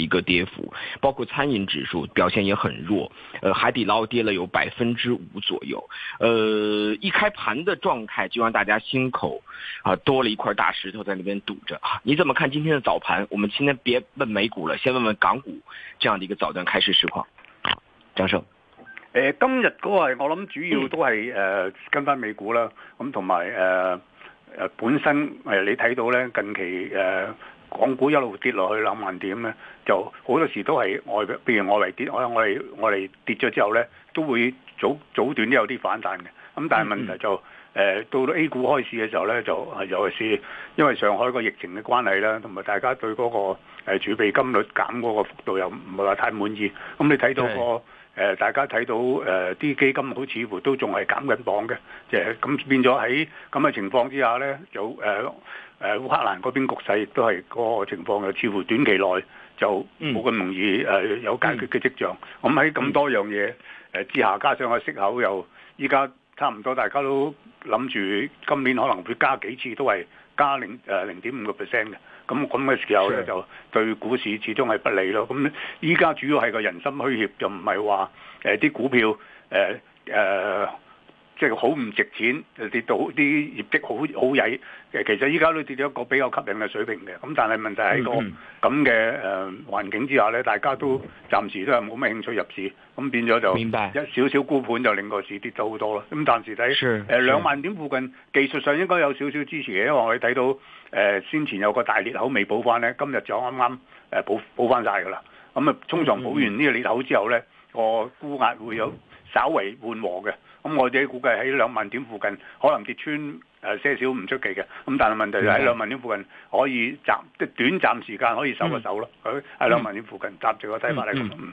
一個跌幅，包括餐飲指數表現也很弱，呃，海底撈跌了有百分之五左右，呃，一開盤的狀態就讓大家心口，啊、呃，多了一塊大石頭在那邊堵着啊。你怎麼看今天的早盤？我們今天別問美股了，先問問港股這樣的一個早段開市實況，張生、呃。今日嗰個我諗主要都係、嗯呃、跟翻美股啦，咁同埋本身、呃、你睇到呢近期、呃港股一路跌落去，兩萬點咧，就好多時都係外，譬如外圍跌，我我哋我哋跌咗之後咧，都會早早段都有啲反彈嘅。咁但係問題就誒、嗯嗯到咗 A 股開市嘅時候咧，就尤其係，因為上海個疫情嘅關係啦，同埋大家對嗰個誒儲備金率減嗰個幅度又唔係話太滿意。咁你睇到個是的 大家睇到啲、呃、基金好似乎都仲係減緊磅嘅，即係咁變咗喺咁嘅情況之下咧，就、呃誒、呃、烏克蘭嗰邊局勢亦都係個情況，又似乎短期內就冇咁容易誒、嗯呃、有解決嘅跡象。咁喺咁多樣嘢誒、呃、之下，加上個息口又依家差唔多大家都諗住今年可能會加幾次，都係加零誒零點五個 percent 嘅。咁咁嘅時候咧，就對股市始終係不利咯。咁依家主要係個人心虛怯，又唔係話誒啲股票誒誒。呃呃即係好唔值錢，跌到啲業績好好曳。其實依家都跌咗一個比較吸引嘅水平嘅。咁但係問題喺、個咁嘅、嗯嗯呃、環境之下咧，大家都暫時都係冇咩興趣入市，咁變咗就白一少少沽盤就令個市跌咗好多咯。咁暫時睇兩萬點附近，技術上應該有少少支持嘅，因為我哋睇到、呃、先前有個大裂口未補翻咧，今日就啱啱、呃、補補翻曬噶啦。咁啊，沖撞補完呢個裂口之後咧，個沽壓會有稍為緩和嘅。咁、嗯、我自己估計喺兩萬點附近，可能跌穿誒、呃、些少唔出奇嘅。咁、嗯、但係問題就喺兩萬點附近可以站，即係短暫時間可以守一守咯。佢喺兩萬點附近紮住個睇法嚟。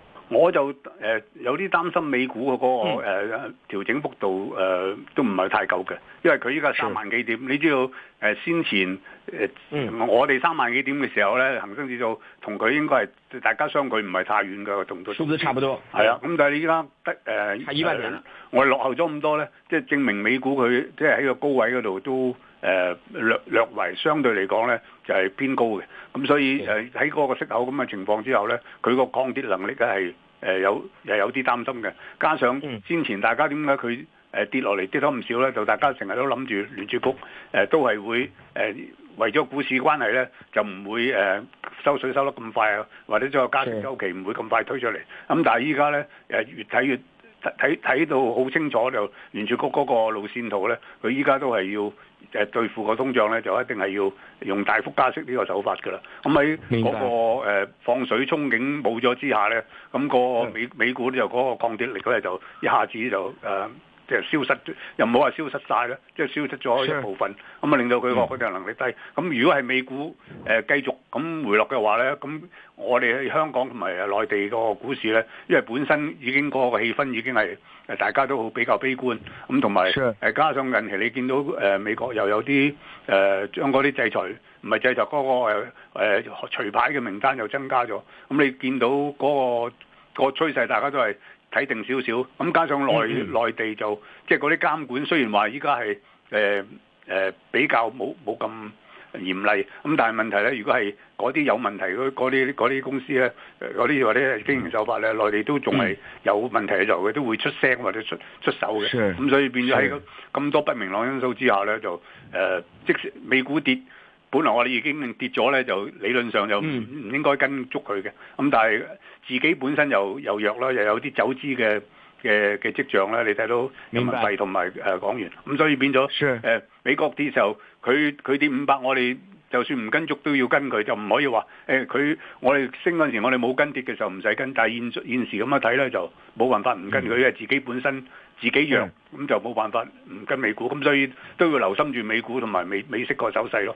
我就、呃、有啲擔心美股嘅嗰、那個、嗯呃、調整幅度、呃、都唔係太夠嘅，因為佢依家三萬幾點，是你知道、呃、先前、呃嗯、我哋三萬幾點嘅時候咧，恆生指數同佢應該係大家相距唔係太遠嘅，同佢數差唔多，係啊，咁但係你依家得誒，我哋落後咗咁多咧，即係證明美股佢即係喺個高位嗰度都。誒、呃、略略為相對嚟講咧，就係、是、偏高嘅。咁所以誒喺嗰個息口咁嘅情況之後咧，佢個降跌能力嘅係誒有又有啲擔心嘅。加上的先前大家點解佢跌落嚟跌咗唔少咧？就大家成日都諗住聯儲局誒、呃、都係會誒、呃、為咗股市關係咧，就唔會誒、呃、收水收得咁快啊，或者將個加息週期唔會咁快推出嚟。咁的但係依家咧越睇越睇睇到好清楚就，就聯儲局嗰個路線圖咧，佢依家都係要。誒對付個通脹咧，就一定係要用大幅加息呢個手法㗎喇。咁喺嗰個放水憧憬冇咗之下咧，咁、那個美美股就嗰個抗跌力咧就一下子就、呃即係消失，又唔好話消失晒啦，即係消失咗一部分，咁啊 Sure. 令到佢個佢哋能力低。咁如果係美股誒、呃、繼續咁回落嘅話咧，咁我哋香港同埋內地個股市咧，因為本身已經嗰個氣氛已經係誒大家都好比較悲觀，咁同埋誒加上近期你見到誒美國又有啲誒、呃、將嗰啲制裁唔係制裁嗰個誒除牌嘅名單又增加咗，咁你見到嗰個個趨勢大家都係，睇定少少，咁加上內內地就即係嗰啲監管，雖然話依家係誒誒比較冇冇咁嚴厲，咁但係問題咧，如果係嗰啲有問題嗰嗰啲嗰啲公司咧，嗰啲或者經營手法咧，內地都仲係有問題嘅，就佢都會出聲或者出出手嘅，咁所以變咗喺咁多不明朗因素之下咧，就誒即使美股跌，本來我哋已經跌咗咧，就理論上就唔唔應該跟足佢嘅，咁但係。自己本身又又弱啦，又有啲走之嘅嘅嘅跡象啦，你睇到人民幣同埋講港元，咁白所以變咗 Sure.、呃、美國啲時候，佢佢啲五百，我哋就算唔跟足都要跟佢，就唔可以話佢我哋升嗰陣時，我哋冇跟跌嘅時候唔使跟，但現，現時咁樣睇咧就冇辦法唔跟佢啊！Mm hmm. 自己本身自己弱，咁、mm hmm. 就冇辦法唔跟美股，咁所以都要留心住美股同埋美美息個走勢咯。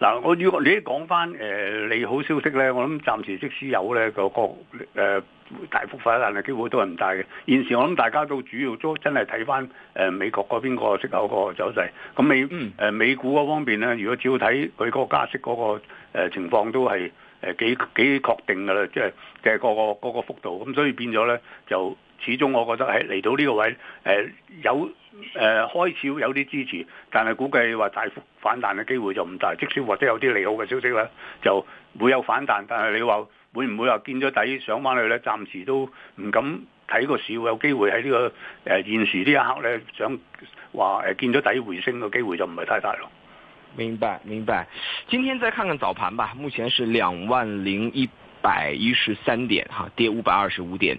嗱，我如果你一講翻誒利好消息咧，我諗暫時即使有咧個個、呃、大幅化，但係機會都係唔大嘅。現時我諗大家都主要都真係睇翻誒美國嗰邊個息口個走勢。咁美誒、呃、美股嗰方面咧，如果只要睇佢個加息嗰、嗰個、呃、情況都係，都係誒幾幾確定㗎啦。即係嘅、就係、個個嗰幅度，咁所以變咗咧，就始終我覺得喺嚟到呢個位誒、呃、有。誒、呃、開始有啲支持，但係估計話大幅反彈嘅機會就唔大。即使或者有啲利好嘅消息呢就會有反彈，但係你話會唔會話見咗底上返去呢？暫時都唔敢睇個市，會有機會喺呢、這個誒、呃、現時呢一刻呢，想話誒見咗底回升嘅機會就唔係太大咯。明白明白，今天再看看早盤吧，目前是兩萬零一百一十三點，哈、啊，跌五百二十五點。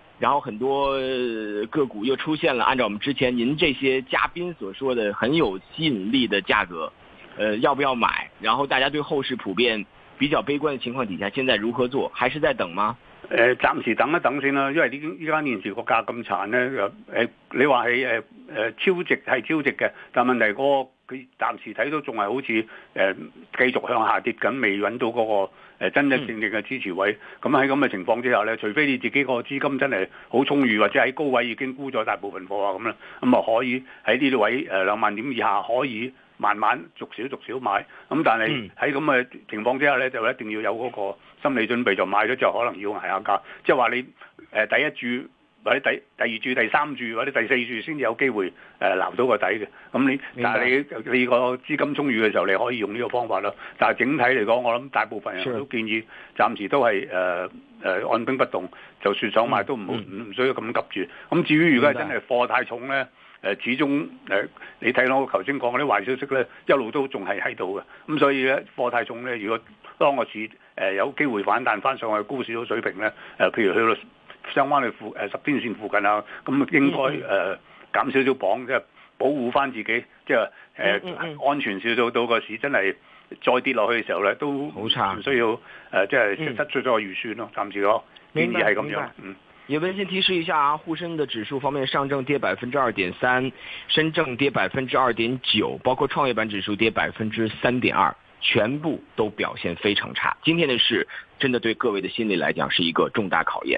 然後很多個股又出現了，按照我們之前您這些嘉賓所說的很有吸引力的價格，呃，要不要買？然後大家對後市普遍比較悲觀的情況底下，現在如何做？還是在等嗎？呃，暫時等一等先啦、啊，因為這這這年的價這麼慘呢，依家現時股價咁殘咧，誒，你話係誒呃超值係超值嘅，但問題嗰個。佢暫時睇到仲係好似誒、呃、繼續向下跌緊，未揾到嗰個真真正正嘅支持位。咁喺咁嘅情況之下呢，除非你自己個資金真係好充裕，或者喺高位已經沽咗大部分貨啊咁啦，咁啊可以喺呢啲位誒兩萬點以下可以慢慢逐少逐少買。咁但係喺咁嘅情況之下呢，就一定要有嗰個心理準備，就買咗就可能要捱下價。即係話你誒、呃、第一注。或者第第二注、第三注或者第四注先至有機會誒撈、呃、到個底嘅，咁你白但係你你個資金充裕嘅時候，你可以用呢個方法咯。但係整體嚟講，我諗大部分人都建議暫時都係誒誒按兵不動，就算想買、嗯、都唔好唔需要咁急住。咁至於如果真係貨太重咧，誒主中誒你睇到我頭先講嗰啲壞消息咧，一路都仲係喺度嘅。咁所以咧貨太重咧，如果當個市誒有機會反彈翻上去高少少水平咧，誒、呃、譬如去到。相關去附誒、呃、十天線附近啊，咁應該誒減少少磅，即係、嗯、保護翻自己，即係誒安全少少到個市，真係再跌落去嘅時候咧，都好差，唔需要誒即係失出咗預算咯，暫時咯，建議係咁樣。嗯，要先提示一下啊！滬深的指數方面，上證跌百分之二點三，深證跌百分之二點九，包括創業板指數跌百分之三點二，全部都表現非常差。今天嘅事，真的對各位的心理嚟講是一個重大考驗。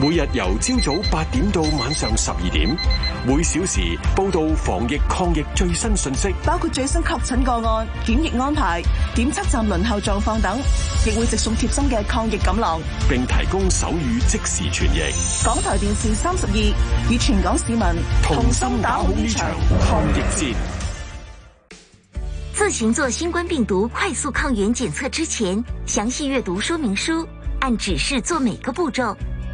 每日由朝早八點到晚上十二點，每小時報道防疫抗疫最新信息，包括最新確診個案、檢疫安排、檢測站輪候狀況等，亦會直送貼心嘅抗疫錦囊，並提供手語即時傳譯。港台電視三十二與全港市民同心打好呢場抗疫戰。自行做新冠病毒快速抗原檢測之前，詳細閱讀說明書，按指示做每個步驟。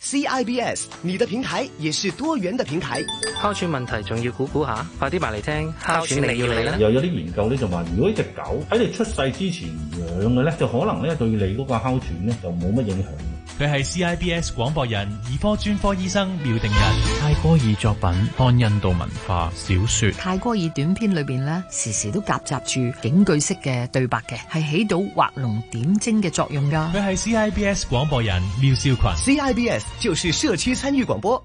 CIBS，你的平台也是多元的平台。哮喘問題仲要估估下，快啲埋嚟聽哮喘你要嚟咧？又有啲研究咧，就話如果一隻狗喺你出世之前養嘅咧，就可能咧對你嗰個哮喘咧就冇乜影響。佢係 CIBS 廣播人，兒科專科醫生廖定仁。泰戈爾作品《看印度文化小說》，泰戈爾短篇裏邊咧，時時都夾雜住警句式嘅對白嘅，係起到畫龍點睛嘅作用噶。佢係 CIBS 廣播人廖少群。CIBS 就是社區參與廣播。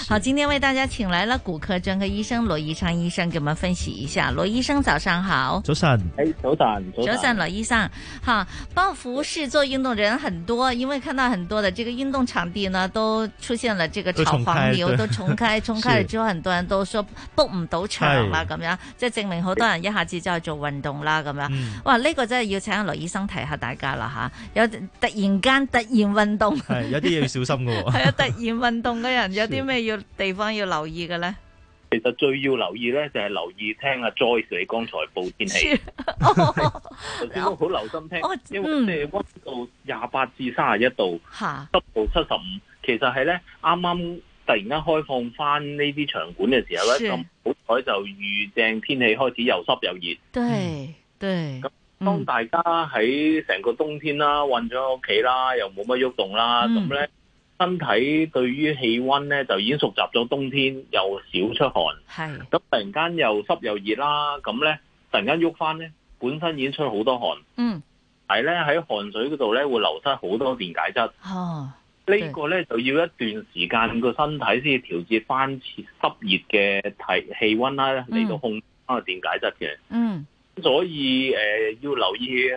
是好，今天為大家請來了骨科專科醫生羅宜昌醫生。醫生，給我們分析一下。羅醫生早上好。早晨上，誒早晨，早晨。羅醫生，哈、啊，報復式做運動人很多，因為看到很多的這個運動場地呢，都出現了這個炒房開，都重開，重開之， 是之後很多人都說 book 唔到場啦，咁是樣，即係證明好多人一下子就做運動啦，咁樣。嗯、哇，呢、這個真係要請羅醫生提下大家啦吓，有突然間突然運動，係有啲嘢要小心嘅。係啊，突然運動嘅人有啲咩要？地方要留意嘅咧，其實最要留意咧就係、是、留意聽啊，Joyce 你剛才報天氣，頭先都好留心聽， 因為溫度廿八至三十一度，吓濕 度七十五，其實係咧啱啱突然間開放翻呢啲場館嘅時候咧，咁好彩就遇正天氣開始又濕又熱，對對，咁當大家喺成個冬天啦，困咗屋企啦，又冇乜喐動啦，咁咧。 身體對於氣温咧就已經熟習咗冬天又少出汗，係咁是突然間又濕又熱啦，咁咧突然間喐翻咧，本身已經出好多汗，嗯，但係咧喺汗水嗰度咧會流失好多電解質，啊、哦，這個呢個咧就要一段時間個身體先要調節翻濕熱嘅提氣温啦，嚟到、嗯、控翻個電解質嘅，嗯，所以誒、呃、要留意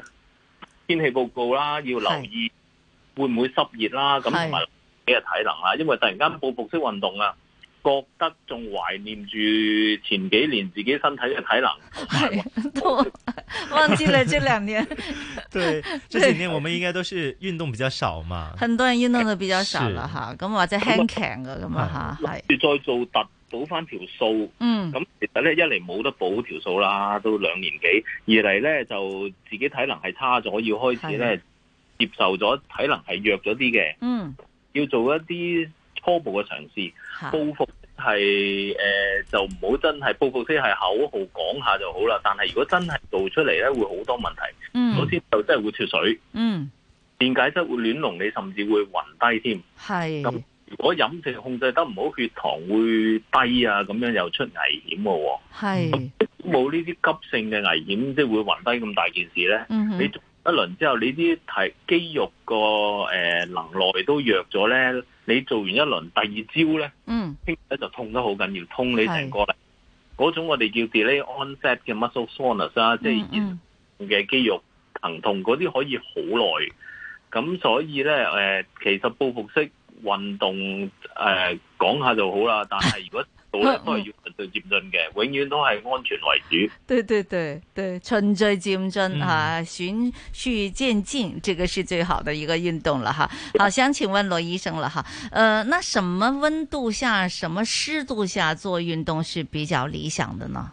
天氣報告啦，要留意是會唔會濕熱啦，咁同埋。幾日體能啦？因為突然間報復式運動啦，覺得仲懷念住前幾年自己身體嘅體能，係都忘記了這兩年。對，這幾年我們應該都是運動比較少嘛，很多人運動都比較少了哈。咁或者係強噶咁啊，係。再做突補翻條數，嗯。咁其實咧，一嚟冇得補條數啦，都兩年幾；二嚟咧就自己體能係差咗，要開始咧接受咗體能係弱咗啲嘅，嗯。要做一啲初步嘅嘗試，報復係誒、呃、就唔好真係報復，即係口號講下就好啦。但係如果真係做出嚟咧，會好多問題。嗯、首先就真係會脫水。嗯，電解質會亂籠，你甚至會暈低添。係是。咁如果飲食控制得唔好，血糖會低啊，咁樣又出危險嘅喎。係。冇呢啲急性嘅危險，即係會暈低咁大件事咧。嗯一輪之後，你啲肌肉個誒能耐都弱咗咧。你做完一輪，第二朝咧，嗯，聽就痛得好緊要，痛你成個嚟嗰是種我哋叫 delay onset 嘅 muscle soreness 啊、嗯嗯，即係熱嘅肌肉疼痛嗰啲可以好耐。咁所以咧、呃，其實報復式運動誒、呃、講下就好啦。但係如果 都係要循序漸進嘅，永遠都係安全為主。對、嗯、對對對，循序漸進吓，循序漸進，這個是最好的一個運動了哈。好，想請問羅醫生了哈。呃，那什麼溫度下、什麼濕度下做運動是比較理想的呢？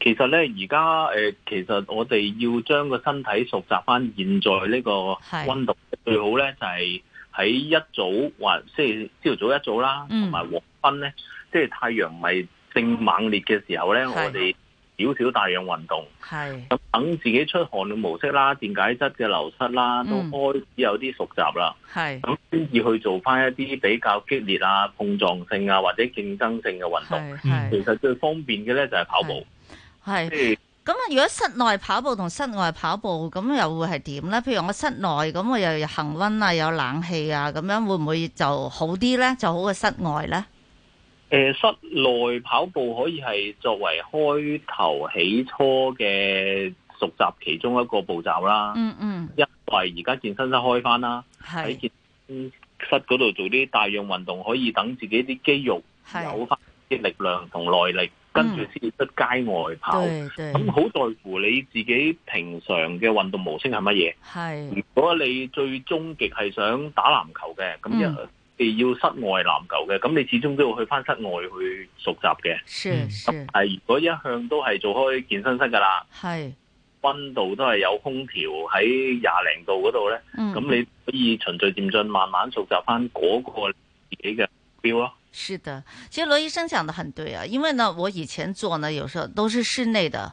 其實咧，而家誒，其實我哋要將個身體熟習翻現在呢個溫度，是最好咧就係、是、喺一早或即係朝早一早啦，同埋黃昏咧。嗯即係太陽唔係正猛烈嘅時候呢，是我哋少少帶氧運動，咁是等自己出汗嘅模式啦、電解質嘅流失啦，嗯、都開始有啲熟習啦。係咁先至去做翻一啲比較激烈啊、碰撞性啊或者競爭性嘅運動。其實最方便嘅呢，就係跑步。係咁啊！以如果室內跑步同室外跑步，咁又會係點呢？譬如我室內咁，我又又恆溫啊，有冷氣啊，咁樣會唔會就好啲呢？就好過室外呢？誒、呃，室內跑步可以係作為開頭起初嘅熟習其中一個步驟啦。嗯嗯，嗯，因為而家健身室開翻啦，喺是健身室嗰度做啲大量運動，可以等自己啲肌肉有翻啲力量同耐力，是跟住先至出街外跑。咁好、嗯、在乎你自己平常嘅運動模式係乜嘢。係是，如果你最終極係想打籃球嘅，咁樣、嗯。要室外籃球嘅，咁你始終都要去翻室外去熟習嘅。是是，係如果一向都係做開健身室噶啦，係溫是度都係有空調喺廿零度嗰度呢，咁、嗯、你可以循序漸進，慢慢熟習翻嗰個自己嘅目標咯。是的，其實羅醫生講得很對啊，因為呢，我以前做呢，有時候都是室內的。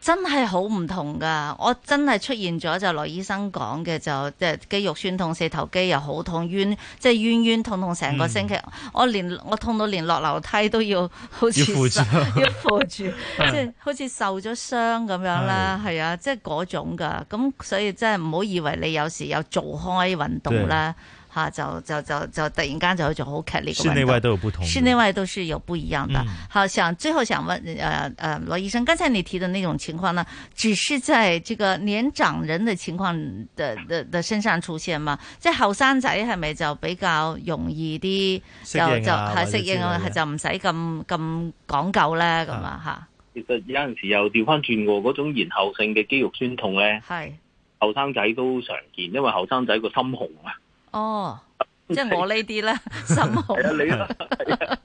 真係好唔同噶，我真係出現咗就羅醫生講嘅就，即係肌肉酸痛，四頭肌又好痛，冤即係冤冤痛痛成個星期。嗯、我連我痛到連落樓梯都要好似，要扶住，要扶住，即係好似受咗傷咁樣啦。係啊的，即係嗰種噶。咁所以真係唔好以為你有時有做開運動啦。吓、啊、就就就就，就突然間就就好劇烈一個溫度，室內外都有不同，室內外都是有不一樣的。嗯、好想最後想問，誒、呃、誒，羅、呃、醫生，剛才你提到的那種情況呢，只是在這個年長人的情況的的的，的身上出現嗎？即係後生仔係咪就比較容易啲？適應啊，適應、啊、就唔使咁咁講究咧，咁啊吓？啊其實有陣時又調翻轉嘅，嗰種延後性嘅肌肉酸痛咧，係後生仔都常見，因為後生仔個心紅啊。哦，即係我呢啲咧，心雄。你咧係啊，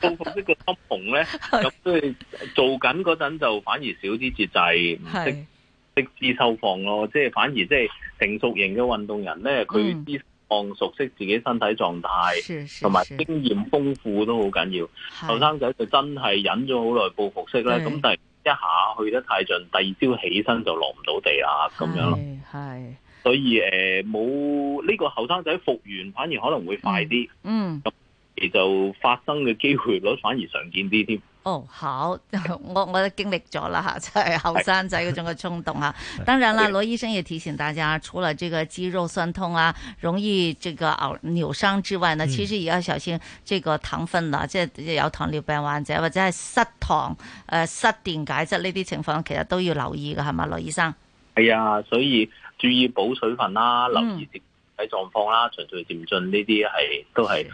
報復式嘅心雄咧，咁所以做緊嗰陣就反而少啲節制，唔識識知收放咯。即係反而即係成熟型嘅運動人咧，佢依方熟悉自己身體狀態，同埋經驗豐富都好緊要。後生仔就真係忍咗好耐報復式咧，咁但係一下去得太盡，第二朝起身就落唔到地喇，咁樣咯。係。所以誒，冇呢個後生仔復原，反而可能會快啲。嗯，咁而就發生嘅機會率反而常見啲添、嗯。嗯、哦，好，我我都經歷咗啦嚇，即係後生仔嗰種嘅衝動嚇。是當然啦，羅醫生也提醒大家，除了這個肌肉酸痛啊，容易這個扭扭傷之外呢，嗯、其實也要小心這個糖分啦，即、就、係、是、有糖尿病患者或者係失糖、誒、呃、失電解質呢啲情況，其實都要留意嘅係嘛，羅醫生。係啊，所以。注意補水分啦，啊，留意身體狀況啦，嗯、循序漸進呢啲係都係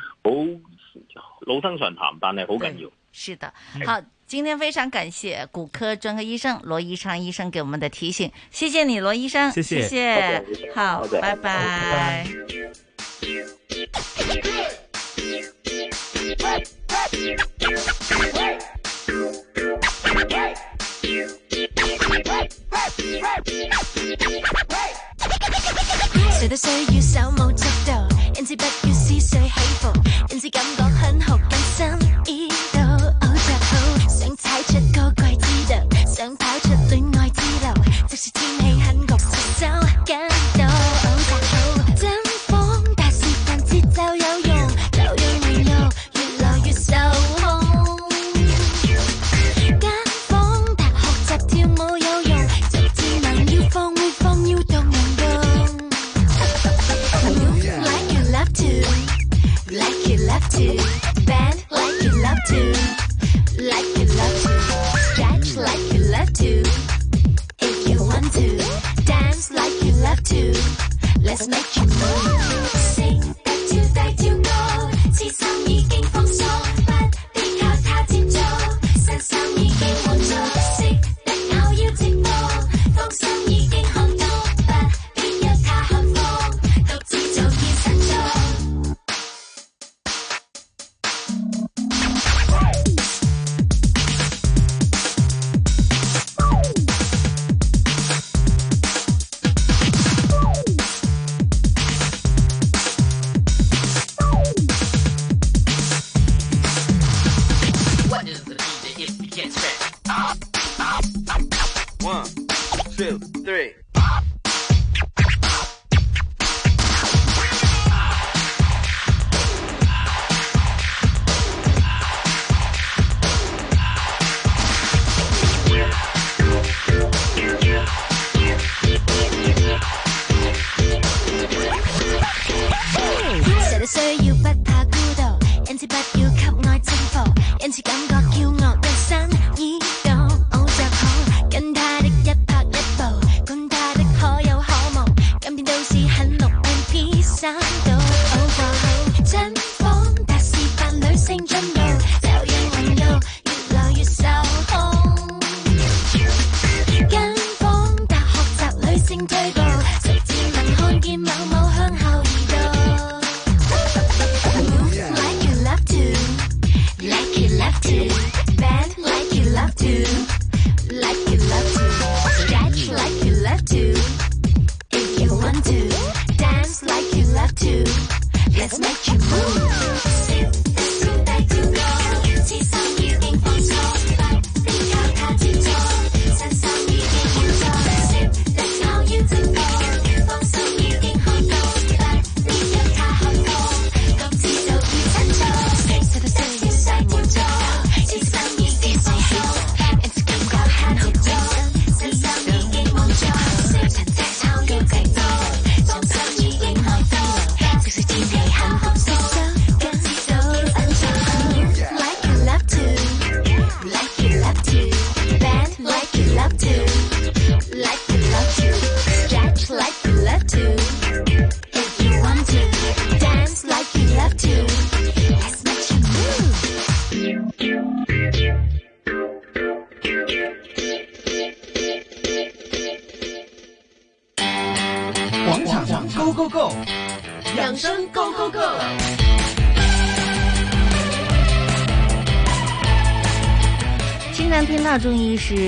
好老生常談，但係好緊要。是的，是的好，今天非常感謝骨科專科醫生羅宜昌醫生給我們的提醒，謝謝你羅醫生，謝謝，好，拜拜。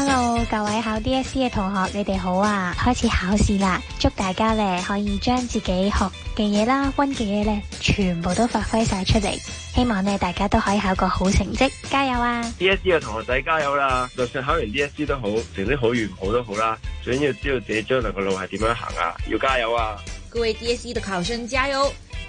Hello，各位考 DSE 嘅同學，你哋好啊！開始考試啦，祝大家咧可以將自己學嘅嘢啦、溫嘅嘢咧全部都發揮晒出嚟。希望咧大家都可以考個好成績，加油啊！DSE 嘅同學仔加油啦！就算考完 DSE 都好，成績好與唔好都好啦，最緊要知道自己將來嘅路係點樣行啊！要加油啊！各位 DSE 嘅考生，加油！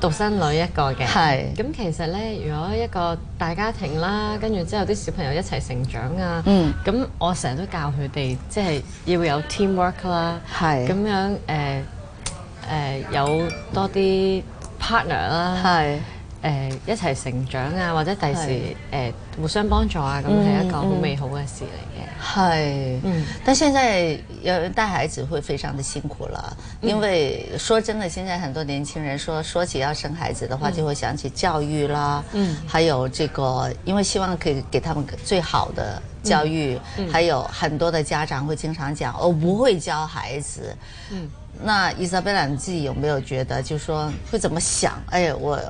獨生女一個嘅，咁係其實呢，如果一個大家庭啦，跟住之後啲小朋友一齊成長啊，咁、嗯、我成日都教佢哋，即係要有 teamwork 啦，咁係樣、呃呃、有多啲 partner 啦。呃、一齊成長啊，或者第時是、呃、互相幫助啊，咁係一個好美好嘅事嚟嘅。係是，嗯、但現在有人帶孩子會非常的辛苦了、嗯、因為說真的，現在很多年輕人說，說起要生孩子的話，就會想起教育啦，嗯，還有這個，因為希望可以給他們最好的教育，還、嗯嗯、還有很多的家長會經常講，我不會教孩子，嗯，那伊莎貝拉你自己有沒有覺得，就是說會怎麼想？呀、哎，我。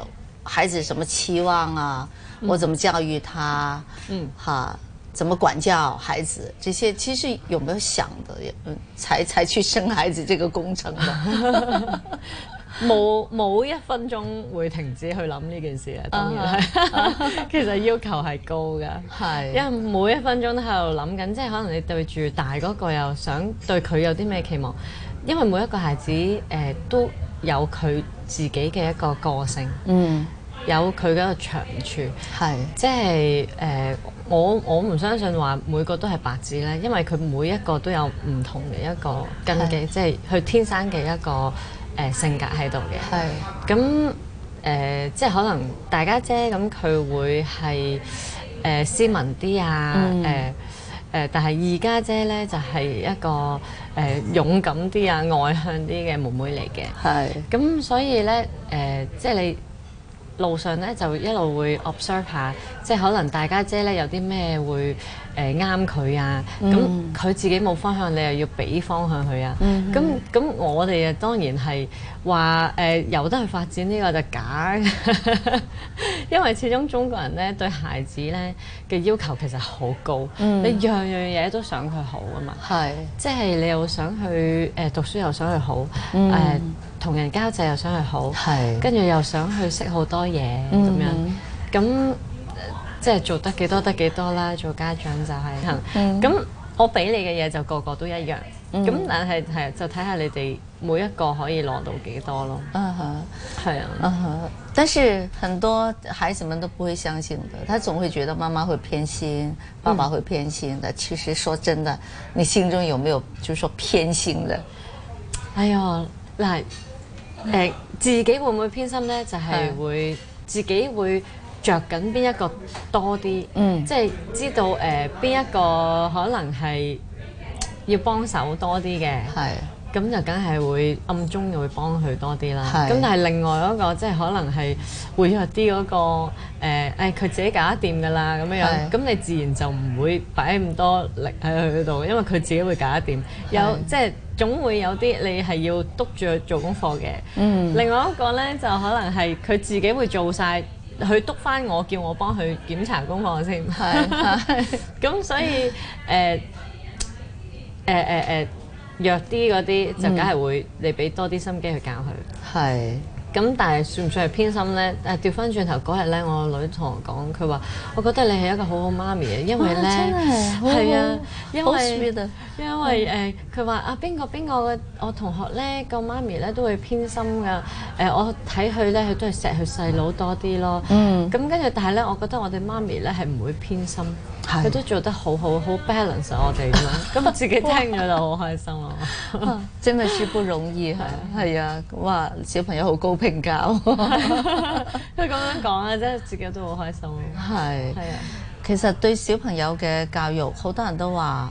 孩子什麼期望啊？嗯、我怎麼教育他、啊？嗯，哈、啊，怎麼管教孩子？這些其實有沒有想的，才才去生孩子這個工程？冇冇 一分鐘會停止去諗呢件事啊！當然係，啊、 其實要求係高噶，係， 因為每一分鐘都喺度諗緊，即係可能你對住大嗰個又想對佢有啲咩期望，因為每一個孩子誒、呃、都有佢自己嘅一個個性。嗯。有佢嘅一個長處，係是即係誒、呃、我我唔相信話每個都係白紙咧，因為佢每一個都有唔同嘅一個根基，即係佢天生嘅一個誒性格喺度嘅。係咁誒，即係可能大家姐咁佢會係誒、呃、斯文啲啊，誒誒、嗯呃，但係二家姐咧就係、是、一個誒、呃、勇敢啲啊、外向啲嘅妹妹嚟嘅。係咁是，所以咧誒、呃，即係你。路上咧就一路會 observe 下，即係可能大家姐咧有啲咩會。誒啱佢啊！咁佢、嗯、自己冇方向，你又要俾方向佢啊！咁咁、嗯、哼我哋啊當然係話誒由得佢發展呢個就假， 因為始終中國人咧對孩子咧嘅要求其實好高，嗯、你樣樣嘢都想佢好啊嘛。係是，即係你又想去誒、呃、讀書又想去好、嗯呃，同人交際又想去好，跟住是又想去識好多嘢咁、嗯、哼樣咁。即係做得幾多得幾多啦，做家長就係、是，咁、嗯、我俾你嘅嘢就個個都一樣，咁、嗯、但係係就睇下你哋每一個可以攞到幾多少咯。嗯係啊，哈啊，啊。但是很多孩子們都不會相信的，他總會覺得媽媽會偏心，嗯、爸爸會偏心的。其實說真的，你心中有沒有就是說偏心的？哎呀，嗱，誒、呃、自己會唔會偏心呢？就係、是、會自己會。著緊邊一個多啲，即係知道誒邊一個可能係要幫手多啲嘅，係咁就梗係會暗中會幫佢多啲啦。咁但係另外嗰個即係可能係薄弱啲嗰個誒，誒佢自己搞得掂噶啦，咁樣咁你自然就唔會擺咁多力喺佢度，因為佢自己會搞得掂。有即係總會有啲你係要督住做功課嘅。另外一個咧就可能係佢自己會做曬。佢督返我，叫我幫佢檢查功課先。係，咁所以誒誒誒誒弱啲嗰啲就梗係會，你畀多啲心機去教佢。係。咁但係算唔算係偏心咧？誒，調翻轉頭嗰日咧，我女同我講，佢話：我覺得你係一個好好媽咪啊，因為咧，係啊，好好因為誒，佢話啊，邊個、嗯啊、個邊個嘅我同學咧個媽咪咧都會偏心㗎，呃。我睇佢咧，佢都係錫佢細佬多啲咯。嗯，咁跟住，但係咧，我覺得我哋媽咪咧係唔會偏心。佢都做得好好好 balance 我哋咁，我自己聽咗就好開心咯，真係殊不容易係啊？係啊，哇，小朋友好高評價佢咁樣講啊，真係自己都好開心咯。係係啊，其實對小朋友嘅教育，好多人都話。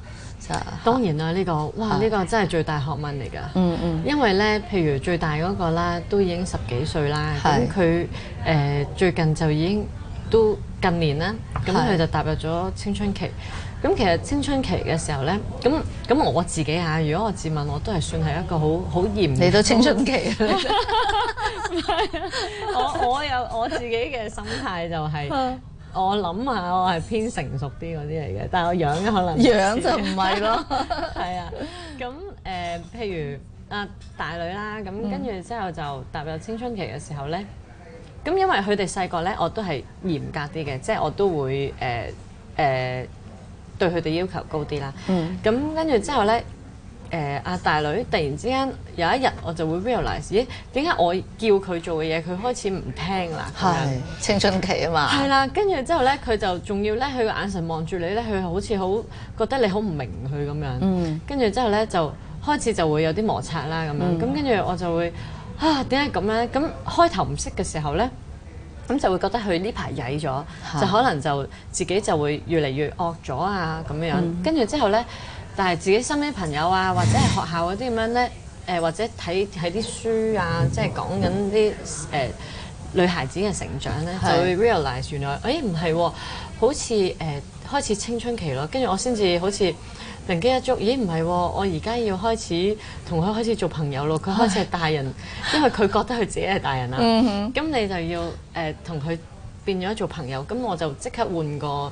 當然啦，呢、這個哇，呢哇個真係最大學問嚟㗎、嗯。嗯嗯，因為呢，譬如最大嗰、那個啦，都已經十幾歲啦。咁佢誒最近就已經都近年啦，咁佢是就踏入咗青春期。咁其實青春期嘅時候呢，咁咁我自己嚇、啊，如果我自問，我都係算係一個好好嚴格嘅。你都青春期啊？我我有我自己嘅心態就係、是。 我諗下，我係偏成熟啲嗰啲嚟嘅，但係我嘅樣可能不樣就唔係咯，係 啊。咁誒、呃，譬如啊大女啦，咁、嗯、跟住之後就踏入青春期嘅時候咧，咁因為佢哋細個咧，我都係嚴格啲嘅，即、就、係、是、我都會誒誒、呃呃、對佢哋要求高啲啦。嗯，咁跟住之後咧。誒，阿大女突然之間，有一日我就會 realize，咦，點解我叫佢做嘅嘢佢開始唔聽啦？係青春期啊嘛係啦，跟住之後咧佢就仲要咧佢個眼神望住你咧，佢好似好覺得你好唔明佢咁樣，跟住之後咧就開始就會有啲摩擦啦咁樣，咁跟住我就會啊，點解咁咧？咁開頭唔識嘅時候咧，咁就會覺得佢呢排曳咗，就可能就自己就會越嚟越惡咗啊咁樣，跟住之後咧。但係自己身邊朋友啊，或者係學校嗰啲咁樣呢，呃、或者睇睇啲書啊，即係講緊啲女孩子嘅成長呢，是就會 realize 原來，誒唔係好似誒、呃、開始青春期咯，跟住我先至好似靈機一觸，咦唔係，我而家要開始同佢開始做朋友咯，佢開始係大人，是因為佢覺得佢自己係大人啦。嗯咁哼你就要誒同佢變咗做朋友，咁我就即刻換個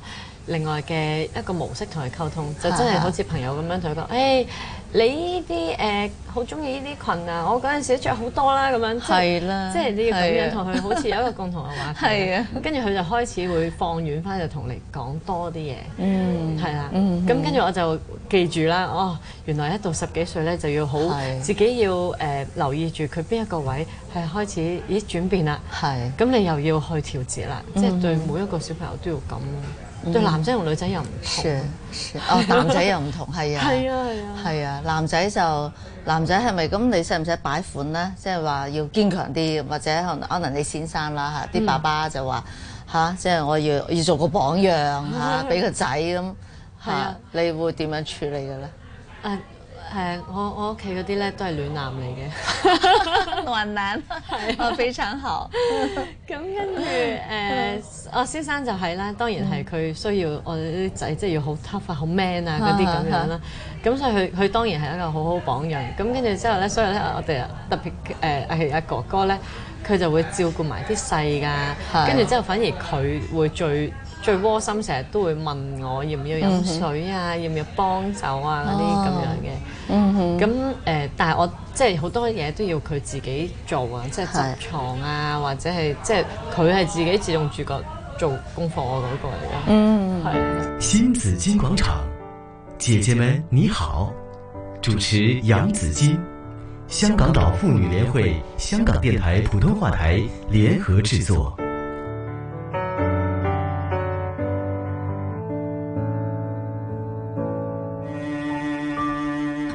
另外嘅一個模式同佢溝通，就真係好似朋友咁樣同佢講。誒，你呢啲誒好中意呢啲裙啊！我嗰陣時着好多啦，咁樣係啦，即係你要咁樣同佢好似有一個共同嘅話題，跟住佢就開始會放軟返，就同你講多啲嘢。嗯，係啦，咁跟住我就記住啦。哦，原來一到十幾歲咧，就要好自己要誒留意住佢邊一個位係開始咦轉變啦。係咁，你又要去調節啦。即係對每一個小朋友都要咁對男仔同女仔又唔同，哦，男仔又唔同，係啊，係啊，係啊，男仔就男仔係咪咁？你使唔使擺款咧？即係話要堅強啲，或者可能可能你先生啦嚇，啲爸爸就話吓，即係我要要做個榜樣嚇，俾個仔咁嚇，你會點樣處理嘅咧？誒、uh，我我屋企嗰啲咧都係暖男嚟嘅， 暖男， 我非常好，咁 跟住誒，我、uh, 先生就係、是、啦，當然係佢需要我哋啲仔即係要好 tough 啊，好 man 啊嗰啲咁樣啦，咁 所以佢佢當然係一個很好好榜樣，咁跟住之後咧，所以咧我哋特別誒係阿哥哥咧，佢就會照顧埋啲細嘅，跟住之後反而佢會最最窩心，成日都會問我要唔要飲水啊，要唔要幫手啊嗰啲咁樣嘅。咁誒，但係我即係好多嘢都要佢自己做啊，即係執床啊，是或者係即係佢係自己自動自覺做功課嗰、那個嚟咯。嗯、mm，係、hmm. 是。新紫荊廣場，姐姐們你好，主持楊子矜，香港島婦女聯會、香港電台普通話台聯合製作。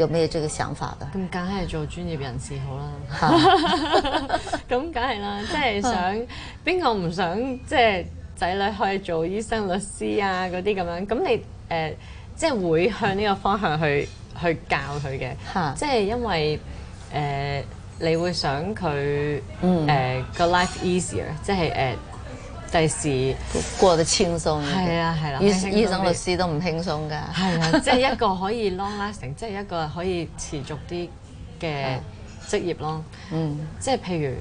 有冇有呢個想法的？咁梗係做專業人士好啦，咁梗係啦，即係想邊個唔想即係仔女可以做醫生、律師啊嗰啲咁樣？咁你誒即係會向呢個方向去去教佢嘅，即係 因為誒、呃、你會想佢誒個 life easier，即係誒。第時過得輕鬆啲，係啊，係啦。啊、醫生醫生律師都唔輕鬆㗎，係啊，即係一個可以 long lasting，即係一個可以持續啲嘅職業咯。嗯，即係譬如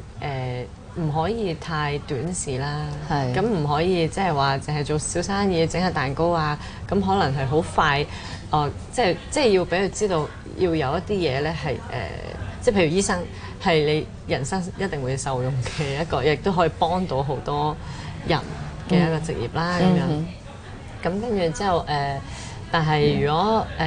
誒，唔可以太短時啦。係，咁唔可以即係話淨係做小生意整下蛋糕啊。咁可能係好快哦，即係即係要俾佢知道，要有一啲嘢咧係誒，即係譬如醫生係你人生一定會受用嘅一個，亦都可以幫到好多。人嘅一個職業啦，咁、嗯、樣，咁跟住之後，誒、呃，但係如果誒，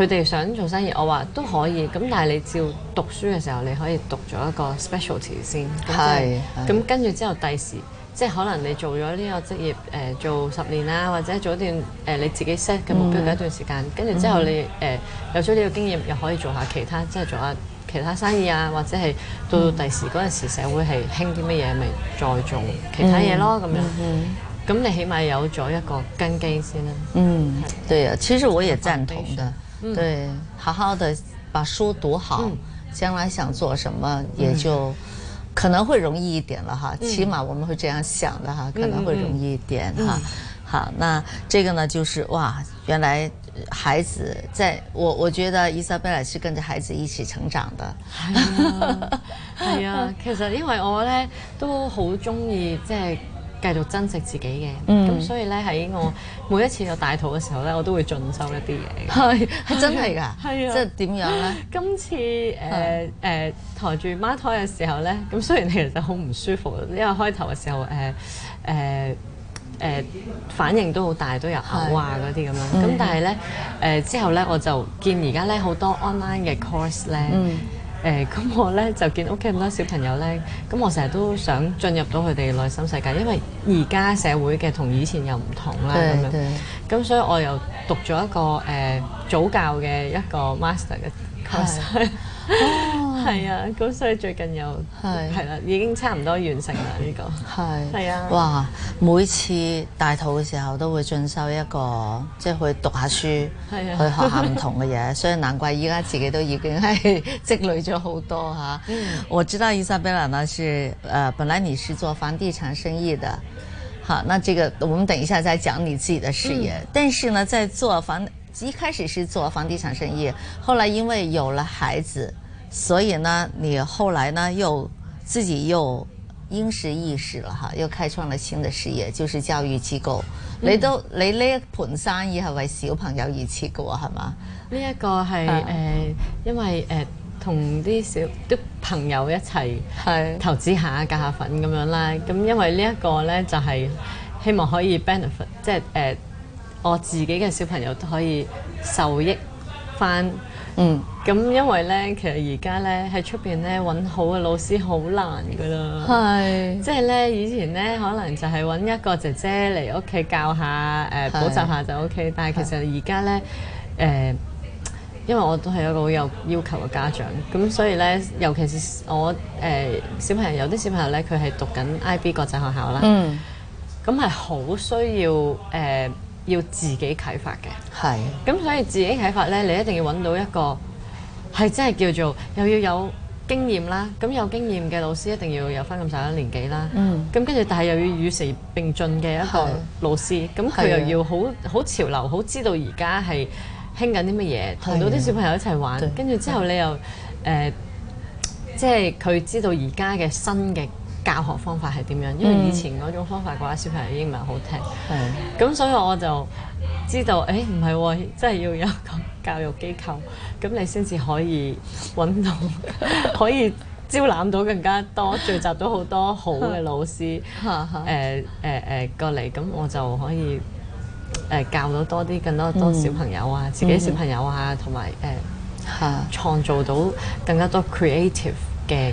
佢哋、嗯呃、想做生意，我話都可以，咁但係你照讀書嘅時候，你可以讀咗一個 specialty 先是，係是，咁跟住之後，後，第時即係可能你做咗呢個職業誒、呃、做十年啦，或者做一段誒、呃、你自己 set 嘅目標嘅一段時間，跟住、嗯、之後你誒、呃、有咗呢個經驗，又可以做下其他，即係做下。其他生意啊，或者係到到第時嗰陣時社會係興啲乜嘢，咪再做其他嘢咯咁樣。咁你起碼有咗一個根基先啦。嗯，對啊，其實我也贊同的。對，好好的把書讀好，將來想做什麼也就可能會容易一點了哈。起碼我們會這樣想的哈，可能會容易一點哈。好，那這個呢，就是哇，原來。孩子，在我我覺得伊莎貝爾是跟着孩子一起成長的。係啊，係啊，其實因為我咧都好中意即係繼續珍惜自己嘅，咁、嗯、所以咧喺我每一次有大肚嘅時候咧，我都會進修一啲嘢。係係真係噶，係啊，即係點樣咧？今次誒誒，抬、呃、住、呃、孖、孖胎嘅時候咧，咁雖然你其實好唔舒服，因為開頭嘅時候誒誒。呃呃誒、呃、反應都好大，都有口話嗰啲咁樣。咁但係呢，誒、呃、之後呢，我就見而家呢好多 online 嘅 course 呢。誒咁、嗯呃、我呢，就見屋企咁多小朋友呢，咁我成日都想進入到佢哋內心世界，因為而家社會嘅同以前又唔同啦咁對樣。咁對所以我又讀咗一個誒早、呃、教嘅一個 master 嘅 course 對。 係、哦、啊，咁所以最近又係係啦，已經差唔多完成啦，呢、這個係係是啊，哇！每次大肚嘅時候都會進修一個，即係去讀下書，啊、去學下唔同嘅嘢， 所以難怪依家自己都已經係積累咗好多、嗯、我知道伊莎貝拉呢是，誒、呃，本來你是做房地產生意的，好，那這個我們等一下再講你自己的事業，嗯、但是呢，在做房一開始是做房地產生意，後來因為有了孩子。所以呢，你後來呢又自己又應時意識了哈，又開創了新的事業，就是教育機構。嗯、你都你呢一盤生意係為小朋友而設嘅喎，係嘛？呢一個係誒，因為誒同啲小朋友一齊投資下，夾下粉咁樣啦。咁因為呢一個呢，就係、是、希望可以 benefit，即、就、係、是呃、我自己嘅小朋友都可以受益翻。嗯，咁因為咧，其實而家咧喺出邊咧揾好嘅老師好難㗎喇，係即係咧以前咧可能就係揾一個姐姐嚟屋企教下，誒、呃、補習下就 OK，是但係其實而家咧誒，因為我都係一個好有要求嘅家長，咁所以咧，尤其是我誒、呃、小朋友有啲小朋友咧，佢係讀緊 IB 國際學校啦，嗯，咁係好需要誒。呃要自己啟發嘅，係咁的所以自己啟發呢，你一定要揾到一個係真係叫做又要有經驗啦，咁有經驗嘅老師一定要有翻咁上下年紀啦，咁跟住但係又要與時並進嘅一個老師，咁佢的又要好好的潮流，好知道而家係興緊啲乜嘢，同的到啲小朋友一齊玩，跟住對之後你又是的、呃、即係佢知道而家嘅新嘅。教學方法係點樣？因為以前嗰種方法嘅話，小朋友已經唔係好聽。係是。咁所以我就知道，誒唔係喎，真係要有一個教育機構，咁你先至可以搵到， 可以招攬到更加多，聚集到好多好嘅老師，誒誒誒過嚟，咁我就可以誒、呃、教到多啲更多多小朋友啊，嗯、自己小朋友啊，同埋誒創造到更加多 creative 嘅。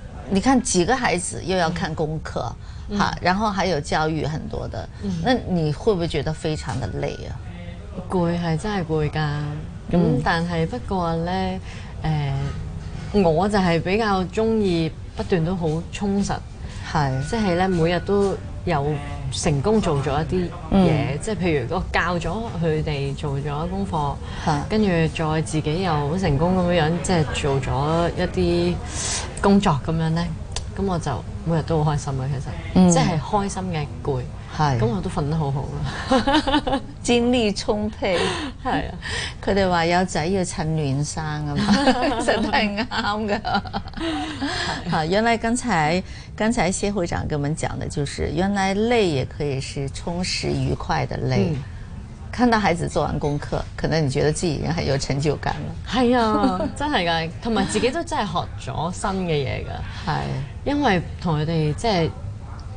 你看幾個孩子又要看功課，嗯、然後還有教育很多的，嗯、那你會不會覺得非常的累啊？攰係真係攰噶，咁但係不過呢，誒、呃，我就係比較中意不斷都好充實，係是，即係呢每日都。又成功做咗一啲嘢，嗯、即係譬如我教咗佢哋做咗功課，跟住、啊、再自己又好成功咁樣，即、就、係、是、做咗一啲工作咁樣咧。咁我就每日都好開心嘅，其實，即係、嗯、開心嘅攰。係，咁是我都瞓得好好咯， 精力充沛。係 啊，佢哋話有仔要趁嫩生 啊嘛，真係啱噶。好，原來剛才剛才謝會長跟我們講的，就是原來累也可以是充實愉快的累。嗯、看到孩子做完功課，可能你覺得自己已經很有成就感了。係啊，真係噶，同埋自己都真係學咗新嘅嘢噶。係 是，因為同佢哋即係。就是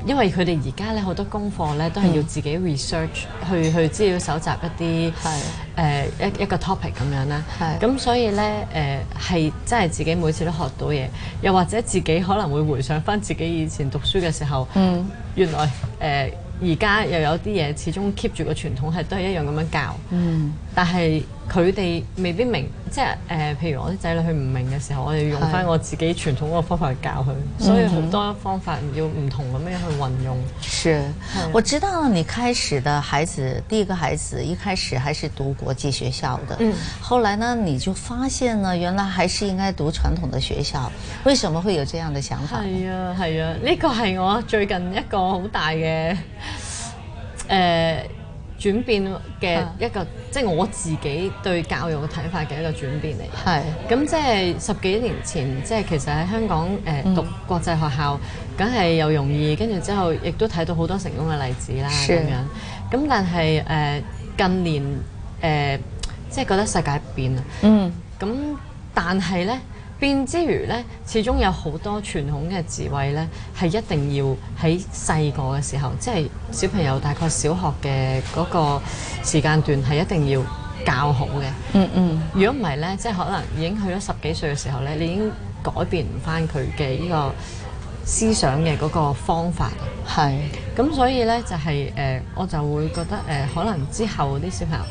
因為佢哋而家咧好多功課咧都係要自己 research，去去資料搜集一啲誒係、呃、一一個 topic 咁樣啦，咁係所以咧誒係真係自己每次都學到嘢，又或者自己可能會回想返自己以前讀書嘅時候，嗯、原來誒而家又有啲嘢始終 keep 住個傳統係都係一樣咁樣教，嗯、但係。佢哋未必明，即係誒、呃，譬如我啲仔女佢唔明嘅時候，我哋用翻我自己傳統嗰個方法去教佢，是所以好多方法要唔同咁樣去運用。是，是啊、我知道你開始的孩子，第一個孩子一開始還是讀國際學校的，嗯、後來呢你就發現呢，原來還是應該讀傳統的學校。為什麼會有這樣的想法？係啊係啊，呢、啊呢個係我最近一個好大嘅轉變嘅一個，Yeah. 即係我自己對教育嘅睇法嘅一個轉變嚟。咁 Yeah. 即係十幾年前，即係其實喺香港誒、呃、讀國際學校，梗係又容易，跟住之後亦都睇到好多成功嘅例子啦。咁樣，咁 Sure. 但係、呃、近年、呃、即係覺得世界變啦。嗯、mm，咁、hmm. 但係呢。變之餘呢，始終有好多傳統嘅智慧呢，係一定要喺細個嘅時候，即係小朋友大概小學嘅嗰個時間段，係一定要教好嘅。嗯嗯、mm，如果唔係呢，即係可能已經去咗十幾歲嘅時候呢，你已經改變唔翻佢嘅呢個思想嘅嗰個方法。係、mm，咁所以呢，就係誒，我就會覺得誒，可能之後啲小朋友。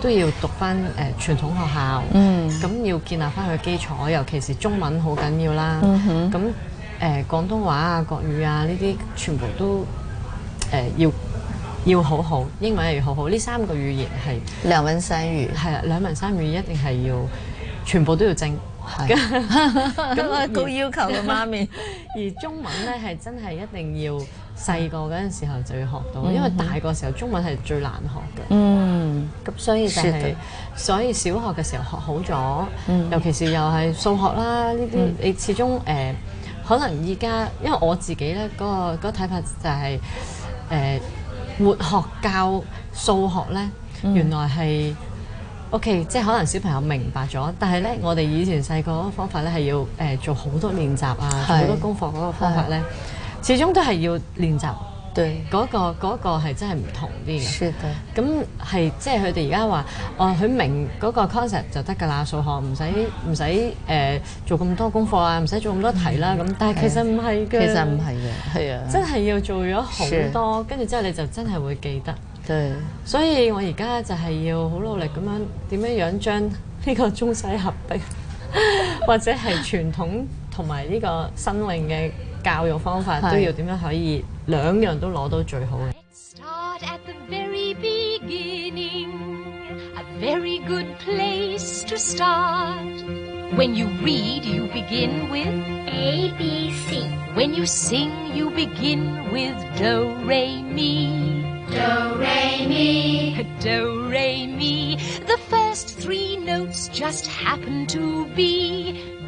都要讀翻誒、呃、傳統學校，咁、mm hmm. 要建立翻佢基礎，尤其是中文好緊要啦。咁誒、mm hmm. 呃、廣東話啊、國語啊呢啲，這些全部都誒、呃、要要好好，英文亦要好好。呢三個語言係兩文三語，係啊，兩文三語一定係要全部都要精。咁啊高要求嘅媽咪，而中文咧係真係一定要。細個嗰陣時候就要學到，因為大個時候中文係最難學嘅。嗯，咁所以就係、是，的所以小學嘅時候學好咗，mm hmm. 尤其是又係數學啦，呢啲、mm hmm. 你始終誒、呃，可能依家因為我自己咧嗰、那個睇、那個、法就係誒活學教數學咧，mm hmm. 原來係 OK，即係可能小朋友明白咗，但係咧我哋以前細個嗰個方法咧係要誒、呃、做好多練習啊，是做好多功課嗰個方法咧的。始終都係要練習，對嗰個嗰個係真係唔同啲嘅。是的。咁係即係佢哋而家話，哦佢明嗰個 concept 就得㗎啦，數學唔使唔使誒做咁多功課啊，唔使做咁多題啦咁。但係其實唔係嘅。其實唔係嘅。係啊。真係要做咗好多，跟住之後你就真係會記得。對。所以我而家就係要好努力咁樣點樣樣將呢個中西合璧，或者係傳統同埋呢個新穎嘅教育方法都要點樣可以兩樣都攞到最好嘅。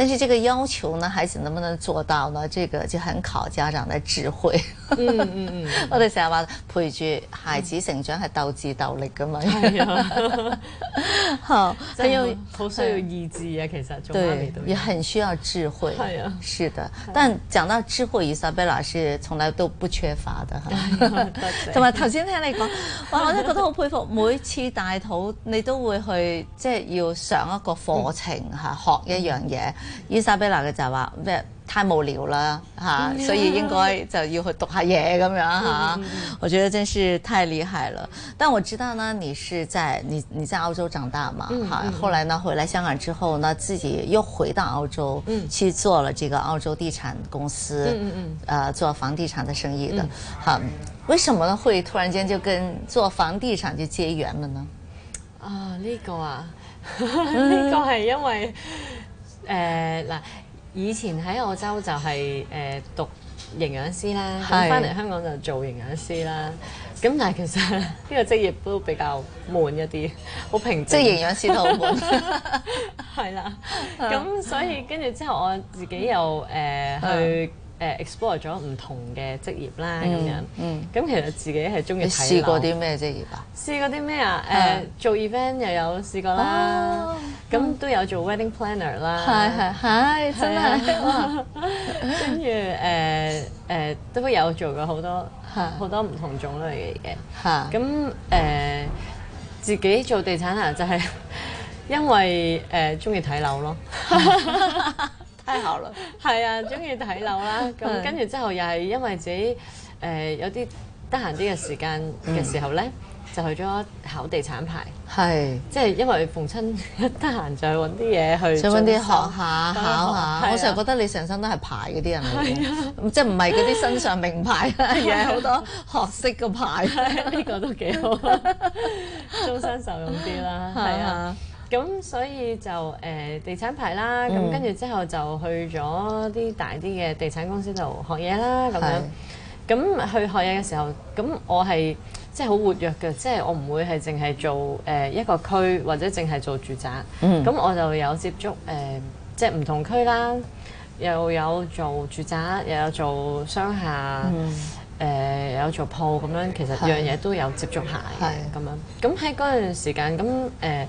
但是這個要求呢，孩子能不能做到呢？這個就很考家長的智慧。嗯嗯嗯，我哋成日話陪住孩子成長係鬥智鬥力噶嘛。係啊。好，真係好需要意志啊，其實做媽咪都要。對，也很需要智慧。係啊。是的，但講到智慧，伊莎貝老師從來都不缺乏的。係。同埋頭先聽你講，哇我都覺得好佩服，每次大肚你都會去，即係要上一個課程吓，學一樣嘢。伊莎貝拉嘅就話太無聊啦、啊 mm hmm. 所以應該就要去讀下嘢，咁樣我覺得真是太厲害了。但我知道呢，你是在你你在澳洲長大嘛嚇、mm hmm.，後來呢回來香港之後呢，自己又回到澳洲、mm hmm. 去做了這個澳洲地產公司，嗯嗯、mm hmm. 呃、做房地產的生意的。好、mm hmm. 啊，為什麼會突然間就跟做房地產就結緣了呢？啊呢、uh, 個啊，呢 個係因為。誒嗱，以前喺澳洲就係誒讀營養師啦，咁翻嚟香港就做營養師啦。咁但係其實呢個職業都比較悶一啲，好平靜。即係營養師都好悶。係啦，咁所以跟住之後，我自己又誒去。誒 explore 咗唔同嘅職業啦，咁樣，咁其實自己係中意睇樓。你試過啲咩職業啊？試過啲咩啊？誒做 event 又有試過啦，咁都有做 wedding planner 啦，係係係，真係，跟住誒誒都有做過好多好多唔同種類嘅嘢，咁誒自己做地產啊，就係因為誒中意睇樓咯。考咯，係啊，中意睇樓啦。咁跟住之後，又係因為自己有啲得閒啲嘅時間嘅時候咧，就去咗考地產牌。係，即係因為逢親得閒就去搵啲嘢去。想搵啲學下考下，我成日覺得你成身都係牌嗰啲人嚟嘅，即係唔係嗰啲身上名牌啦，而係好多學識嘅牌。呢個都幾好，終身受用啲啦，係啊。咁所以就誒、呃，地產牌啦，咁跟住之後就去咗啲大啲嘅地產公司度學嘢啦，咁樣是，咁去學嘢嘅時候，咁我係即係好活躍嘅，即、就、係、是、我唔會係淨係做誒、呃、一個區或者淨係做住宅。咁、嗯、我就有接觸誒即係唔同區啦，又有做住宅，又有做商廈誒、嗯呃、又有做鋪，咁樣。其實是樣嘢都有接觸下咁是樣，咁喺嗰段時間，咁誒。呃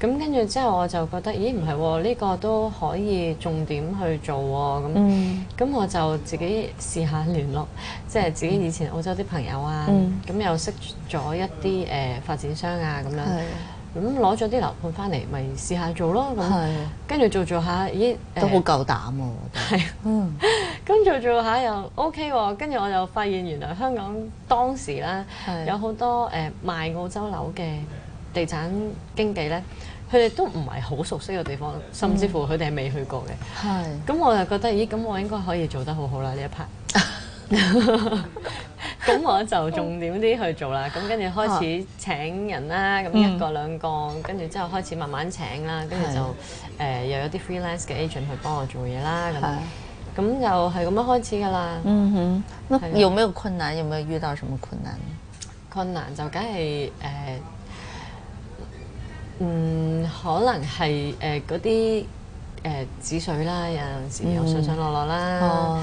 咁跟住之後，我就覺得，咦唔係喎，呢、哦呢個都可以重點去做喎、哦，咁、嗯，咁我就自己試下聯絡，嗯、即係自己以前澳洲啲朋友啊，咁、嗯、又識咗一啲誒、嗯呃、發展商啊，咁樣的，咁攞咗啲樓盤翻嚟，咪試下做咯，咁的，跟住做做下，咦都好夠膽喎，係，跟的、嗯、 做做下又 OK 喎、哦，跟住我就發現原來香港當時啦的有好多、呃、賣澳洲樓嘅。地產經紀咧，佢哋都唔係好熟悉嘅地方，甚至乎佢哋係未去過嘅。係、mm。咁、hmm。我就覺得，咦，咁我應該可以做得好好啦呢一 part。咁 我就重點啲去做啦。咁跟住開始請人啦，咁、oh. 一個、mm hmm. 兩個，跟住之後開始慢慢請啦，跟住就誒又、mm hmm。呃、有啲 freelance 嘅 agent 去幫我做嘢啦。咁咁 Yeah. 就係咁樣開始㗎啦。嗯哼、mm。Hmm. 的有沒有困難？有沒有遇到什麼困難？困難就梗係誒。呃嗯，可能係誒嗰啲誒止水啦，有陣時又上上落落啦，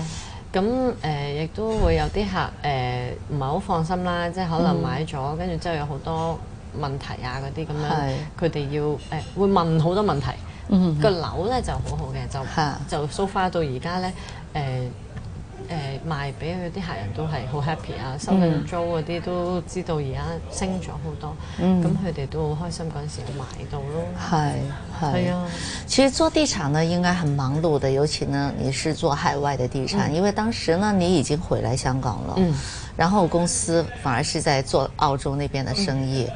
咁誒、嗯哦呃、亦都會有啲客誒唔係好放心啦，即係可能買咗、嗯、跟住之後有好多問題啊嗰啲咁樣，佢哋是要誒、呃、會問好多問題。嗯、哼個樓咧就好好嘅，就就 so far 到而家咧誒。呃誒、呃、賣俾佢啲客人都係好 happy 啊，收緊租嗰啲都知道而家升咗好多，咁佢哋都好開心嗰陣時買到咯。係係啊，其實做地產呢應該很忙碌的，尤其呢你是做海外的地產，嗯、因為當時呢你已經回來香港了，嗯，然後公司反而是在做澳洲那邊的生意。嗯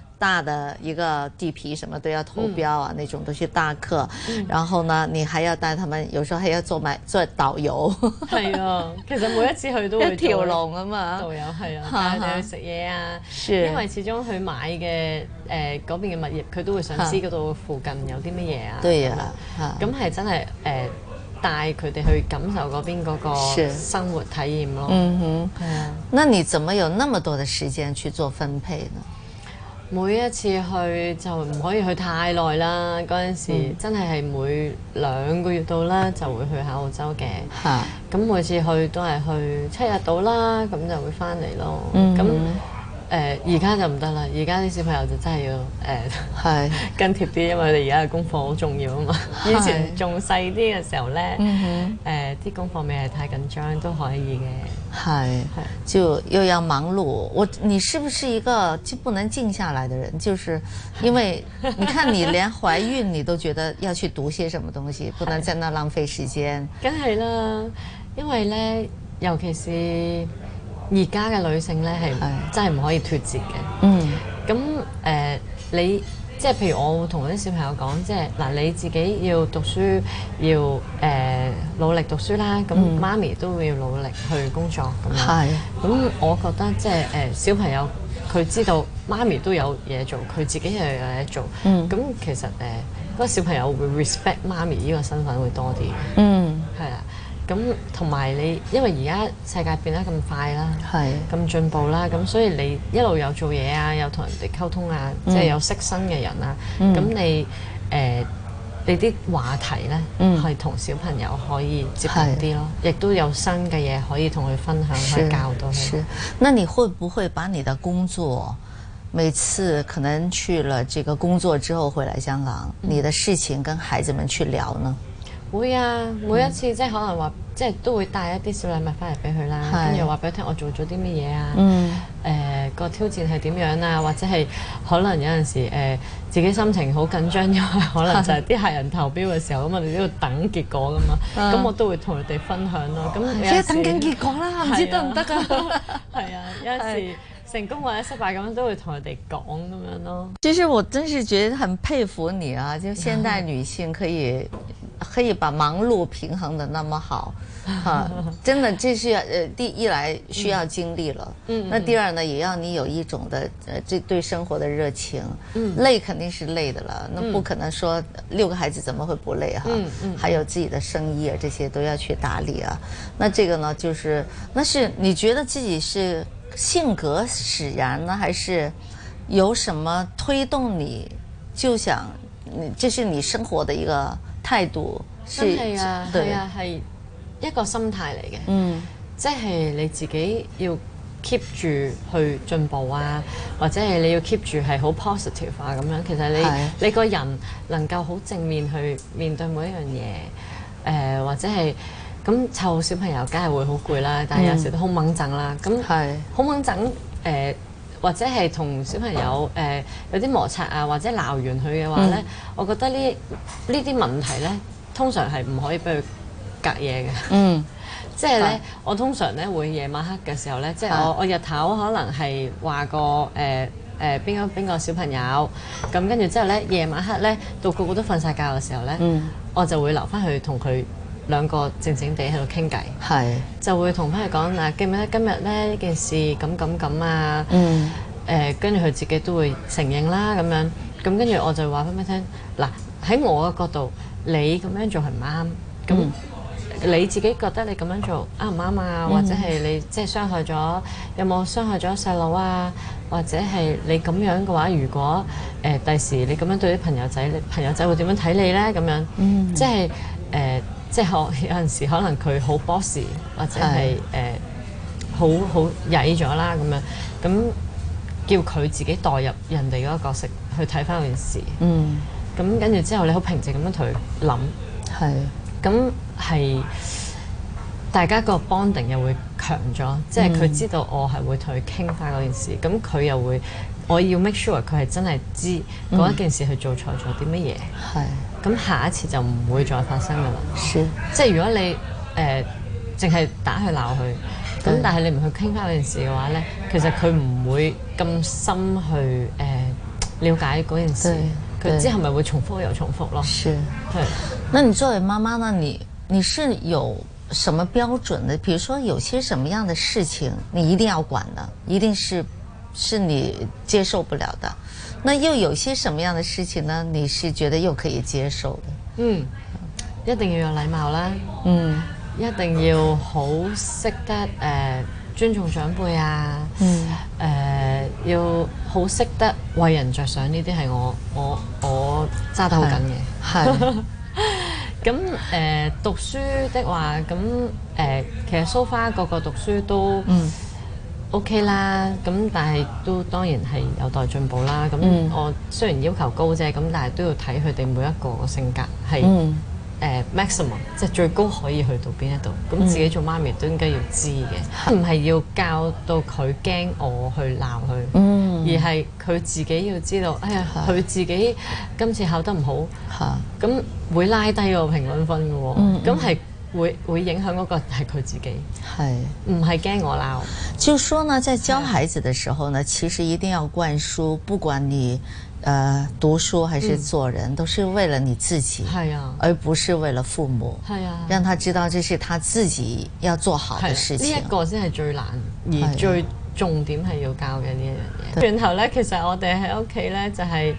大的一個地皮，什麼都要投標啊，那種都是大客。然後呢，你還要帶他們，有時候還要做買做導遊。係啊，其實每一次去都會一條龍啊嘛，導遊係啊，帶佢哋去食嘢啊，因為始終去買嘅誒嗰邊嘅物業，佢都會想知嗰度附近有啲乜嘢啊。對啊，咁係真係誒帶佢哋去感受嗰邊嗰個生活體驗咯。嗯哼，那你怎麼有那麼多的時間去做分配呢？每一次去就唔可以去太耐啦，嗰陣時真係係每兩個月到啦就會去下澳洲嘅。咁每次去都係去七日到啦，咁就會翻嚟咯。咁誒而家就唔得啦，而家啲小朋友就真係要誒、呃、是跟貼啲，因為你而家嘅功課好重要啊嘛。 以前仲細啲嘅時候咧，誒啲是、呃、功課未係太緊張都可以嘅。係，就又要忙碌。我你是不是一個就不能靜下來的人？就是因為，你看你連懷孕你都覺得要去讀些什麼東西，不能真係浪費時間。梗係啦，因為咧，尤其是而家嘅女性咧係真係唔可以脫節嘅。嗯是，咁誒、呃，你。即係譬如我會同啲小朋友講，即係嗱你自己要讀書，要、呃、努力讀書啦。咁媽咪都會要努力去工作咁樣。係。咁我覺得即係、呃、小朋友佢知道媽咪都有嘢做，佢自己又有嘢做。咁、嗯、其實嗰、呃嗰個小朋友會 respect 媽咪呢個身份會多啲。嗯。係啊。咁同埋你，因為而家世界變得咁快啦，咁的進步啦，咁所以你一路有做嘢啊，有同人哋溝通啊，即係、嗯、有識新嘅人啊。咁、嗯、你誒、呃、你啲話題咧，係同、嗯、小朋友可以接近啲咯，亦的都有新嘅嘢可以同佢分享去教到佢。那你會唔會把你的工作，每次可能去了這個工作之後回來香港，你的事情跟孩子們去聊呢？會啊，每一次即係可能話，即係都會帶一啲小禮物翻嚟俾佢啦，跟住話俾佢聽我做咗啲乜嘢啊，誒個挑戰係點樣啊，或者係可能有陣時誒自己心情好緊張，因為可能就係啲客人投標嘅時候，咁我哋都要等結果噶嘛，咁我都會同佢哋分享咯。咁有陣時，而家等緊結果啦，唔知得唔得啊？係啊，有陣時。成功或者失敗咁樣都會同人哋講咁樣咯。其實我真是覺得很佩服你啊！就現代女性可以可以把忙碌平衡得那麼好，哈、 啊！真的，這是呃第一來需要精力了。嗯。那第二呢，也要你有一種的呃這對生活的熱情。嗯。累肯定是累的了，那不可能說六個孩子怎麼會不累哈、啊？嗯嗯。還有自己的生意啊，這些都要去打理啊。那這個呢，就是那是你覺得自己是。性格使然呢，還是有什麼推動你就想？你、就、這是你生活的一個態度是，真係啊，對啊，係一個心態嚟嘅。嗯，即係你自己要 keep 住去進步啊，或者係你要 keep 住係好 positive 啊咁樣。其實你、啊、你個人能夠好正面去面對每一樣嘢，誒、呃，或者係。咁湊小、呃、小朋友梗係會好攰啦，但、呃、係有時都好掹憎啦。咁係好掹憎誒，或者係同小朋友誒有啲摩擦啊，或者鬧完佢嘅話咧，嗯、我覺得呢呢啲問題咧，通常係唔可以俾佢隔夜嘅。嗯呢，即係咧，我通常咧會夜晚黑嘅時候咧，即、就、係、是、我、啊、我日頭可能係話、呃呃、個誒誒邊個邊個小朋友，咁跟住之後咧，夜晚黑咧到個個都瞓晒覺嘅時候咧，嗯、我就會留翻去同佢。兩個靜靜地喺度傾偈，係就會同翻佢講嗱，記唔記得今日咧呢件事咁咁咁啊，嗯，誒跟住佢自己都會承認啦，咁樣咁跟住我就話翻佢聽嗱，喺我嘅角度你咁樣做係唔啱，咁你自己覺得你咁樣做啱唔啱啊？或者係你即係傷害咗有冇傷害咗細佬啊？或者係你咁樣嘅話，如果誒第時你咁樣對啲朋友仔，你朋友仔會點樣睇你咧？咁樣即係誒。即係有陣時可能佢好 boss 或者係誒好好曳咗啦咁樣，咁叫佢自己代入人哋嗰個角色去睇翻嗰件事。嗯，咁跟住之後你好平靜咁樣同佢諗。係是，咁係大家個 bonding 又會強咗，嗯、即係佢知道我係會同佢傾翻嗰件事，咁佢、嗯、又會，我要 make sure 佢係真係知嗰一件事去、嗯、做錯咗啲乜嘢。係。咁下一次就唔會再發生㗎啦。是。即係如果你誒淨係打佢鬧佢，咁對但係你唔去傾翻嗰件事嘅話呢，其實佢唔會咁深去誒瞭解嗰件事。對。佢之後咪會重複又重複咯。是。係對。那你作為媽媽呢？你你是有什麼標準呢？譬如說，有些什麼樣的事情你一定要管的，一定是是你接受不了的。那又有些什麼樣的事情呢？你是覺得又可以接受的？嗯，一定要有禮貌啦。嗯，一定要好識得誒、呃、尊重長輩啊。嗯，誒、呃、要好識得為人着想，呢啲係我我我揸得好緊嘅。係是。咁誒、 呃、讀書的話，咁誒、呃、其實 so far 個個讀書都嗯。O K 啦，咁、okay, 但係都當然係有待進步啦。咁我雖然要求高啫，咁但係都要睇佢哋每一個嘅性格係 maximum，即係最高可以去到邊一度。咁自己做媽咪都應該要知嘅，唔係要教到佢驚我去鬧佢，而係佢自己要知道。哎呀，佢自己今次考得唔好，咁會拉低個評論分嘅喎。咁會會影響嗰個人係佢自己，係唔係驚我鬧？就說呢，在教孩子的時候呢，啊、其實一定要灌輸，不管你，誒、呃、讀書還是做人，嗯、都是為了你自己，係啊，而不是為了父母，係啊，讓他知道這是他自己要做好的事情。呢一、啊這個先係最難，而、啊、最重點係要教嘅呢一樣嘢。對然後呢，其實我哋喺屋企呢，就係、是、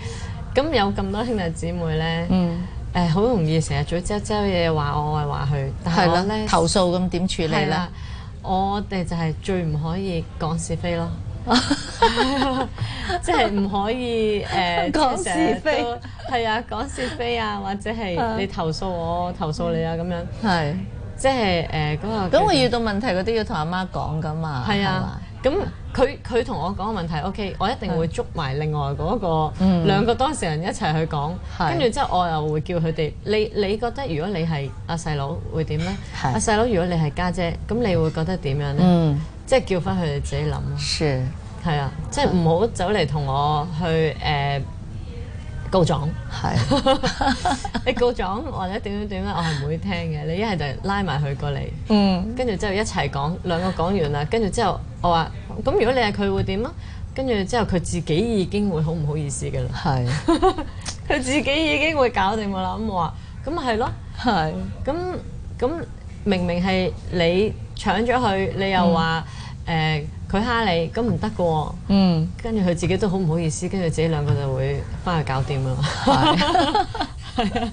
咁有咁多兄弟姊妹呢。嗯。誒好，欸、容易成日嘴周周嘢，話我話話佢，但係我咧的投訴咁點處理咧？是的我哋就係最唔可以講是非咯，即係唔可以誒講，呃、是非，係啊講是非啊，或者係你投訴我， 我投訴你啊咁樣，係即係誒嗰個。咁我遇到問題嗰啲要同阿媽講噶嘛？係啊的。咁佢佢同我講嘅問題，OK，我一定會捉埋另外嗰個兩個當事人一齊去講，跟住之後我又會叫佢哋。你你覺得如果你係阿細佬會點呢？阿細佬如果你係家姐，咁你會覺得點樣呢？即係叫翻佢哋自己諗咯。係啊，即係唔好走嚟同我去誒。告狀係，是 你告狀或者點樣點樣，我係唔會聽嘅。你一係就拉埋佢過嚟，嗯，跟住之後一齊講，兩個講完啦，跟住之後我話，咁如果你係佢會點咯。跟住之後佢自己已經會好唔好意思嘅啦，係是，佢 自己已經會搞掂嘅啦。咁我話，咁咪係咯，係是，咁咁明明係你搶咗佢，你又話誒。嗯呃佢蝦你，咁唔得嘅喎。嗯，跟住佢自己都好唔好意思，跟住自己兩個就會返去搞掂啦。係啊，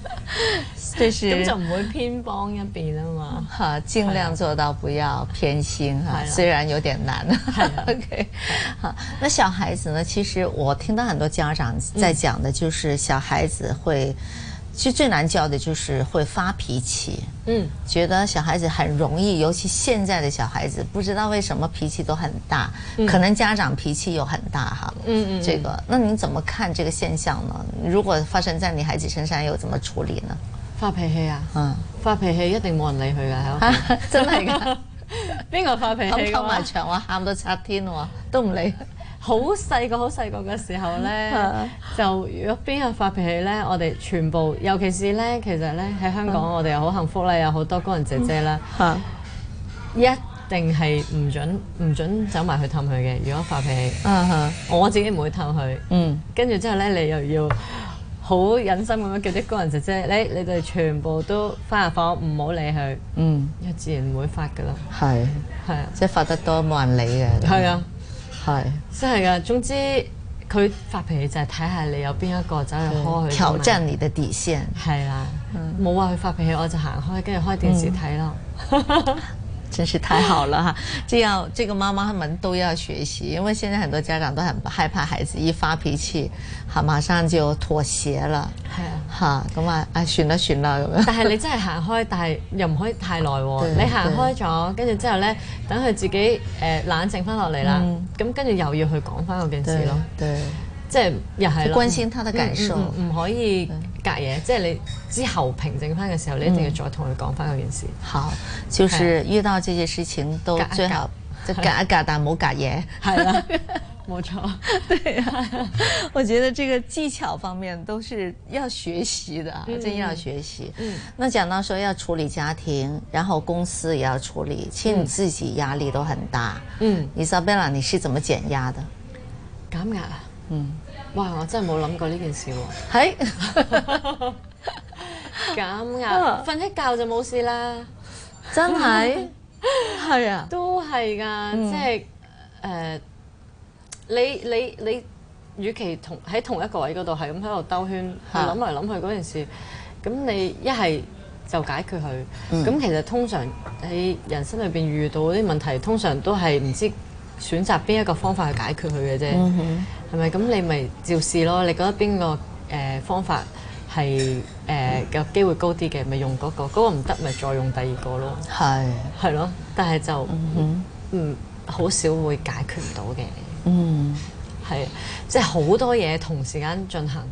咁就唔會偏幫一邊啊嘛。哈， 盡量做到不要偏心哈， 雖然有點難。係 OK，好。那小孩子呢？其實我聽到很多家長在講的，就是小孩子會。其實最難教的就是會發脾氣，嗯，覺得小孩子很容易，尤其現在的小孩子不知道為什麼脾氣都很大，嗯、可能家長脾氣又很大哈，嗯,嗯嗯，這個那你怎麼看這個現象呢？如果發生在你孩子身上又怎麼處理呢？發脾氣啊，嗯，發脾氣一定冇人理佢噶係、啊、真係噶？邊個 發脾氣？喊透埋牆，哇，喊到拆天喎，都唔理。 好細個、好細個嘅時候呢，就如果邊個發脾氣呢，我哋全部，尤其是呢，其實呢喺香港，我哋又好幸福啦，有好多工人姐姐啦，一定係唔準、唔準走埋去氹佢嘅。如果發脾氣，我自己唔會氹佢。跟住之後呢，你又要好忍心咁樣叫啲工人姐姐，你你哋全部都翻入房，唔好理佢，又自然唔會發㗎啦。係係啊，即係發得多冇人理嘅。係啊。係，真係㗎。總之佢發脾氣就係睇下你有邊一個走去開，挑戰你嘅底線。係啦，冇話佢發脾氣，我就行開，跟住開電視睇咯。嗯 真是太好了哈！ 這樣這個媽媽們都要學習，因為現在很多家長都很害怕孩子一發脾氣，哈、啊、馬上就妥協啦。係啊，吓咁啊啊算啦算啦咁樣。但係你真係行開，但係又唔可以太耐喎。對你行開咗，跟住之後呢，等佢自己誒、呃、冷靜翻落嚟啦。咁跟住又要去講翻嗰件事咯。對，即係又係咯。關心他的感受、唔、嗯嗯嗯、可以。隔嘢，即係你之後平靜翻嘅時候，你一定要再同佢講翻嗰件事。好，就是遇到這些事情都最好就隔一隔，但係唔好隔嘢，係啦。冇錯，對啊，我覺得這個技巧方面都是要學習的，真要學習。嗯，那講到說要處理家庭，然後公司也要處理，其實你自己壓力都很大。嗯，Isabella，你是怎麼減壓的？減壓啊？嗯。哇！我真係冇諗過呢件事喎。係咁啊，瞓起覺就冇事啦，真係係啊，都係㗎，即係誒，你你你，與其同喺同一個位嗰度，係咁喺度兜圈，去諗嚟諗去嗰件事，咁你一係就解決佢。咁其實通常喺人生裏邊遇到啲問題，通常都係唔知。選擇邊一個方法去解決佢嘅啫，係咪、mm？咁、hmm. 你咪照試咯。你覺得邊個誒、呃、方法係誒有機會高啲嘅，咪用嗰、那個。嗰、那個唔得，咪再用第二個咯。係係、mm hmm. 咯，但係就唔好、mm hmm. 少會解決唔到嘅。嗯、mm，係即係好多嘢同時間進行。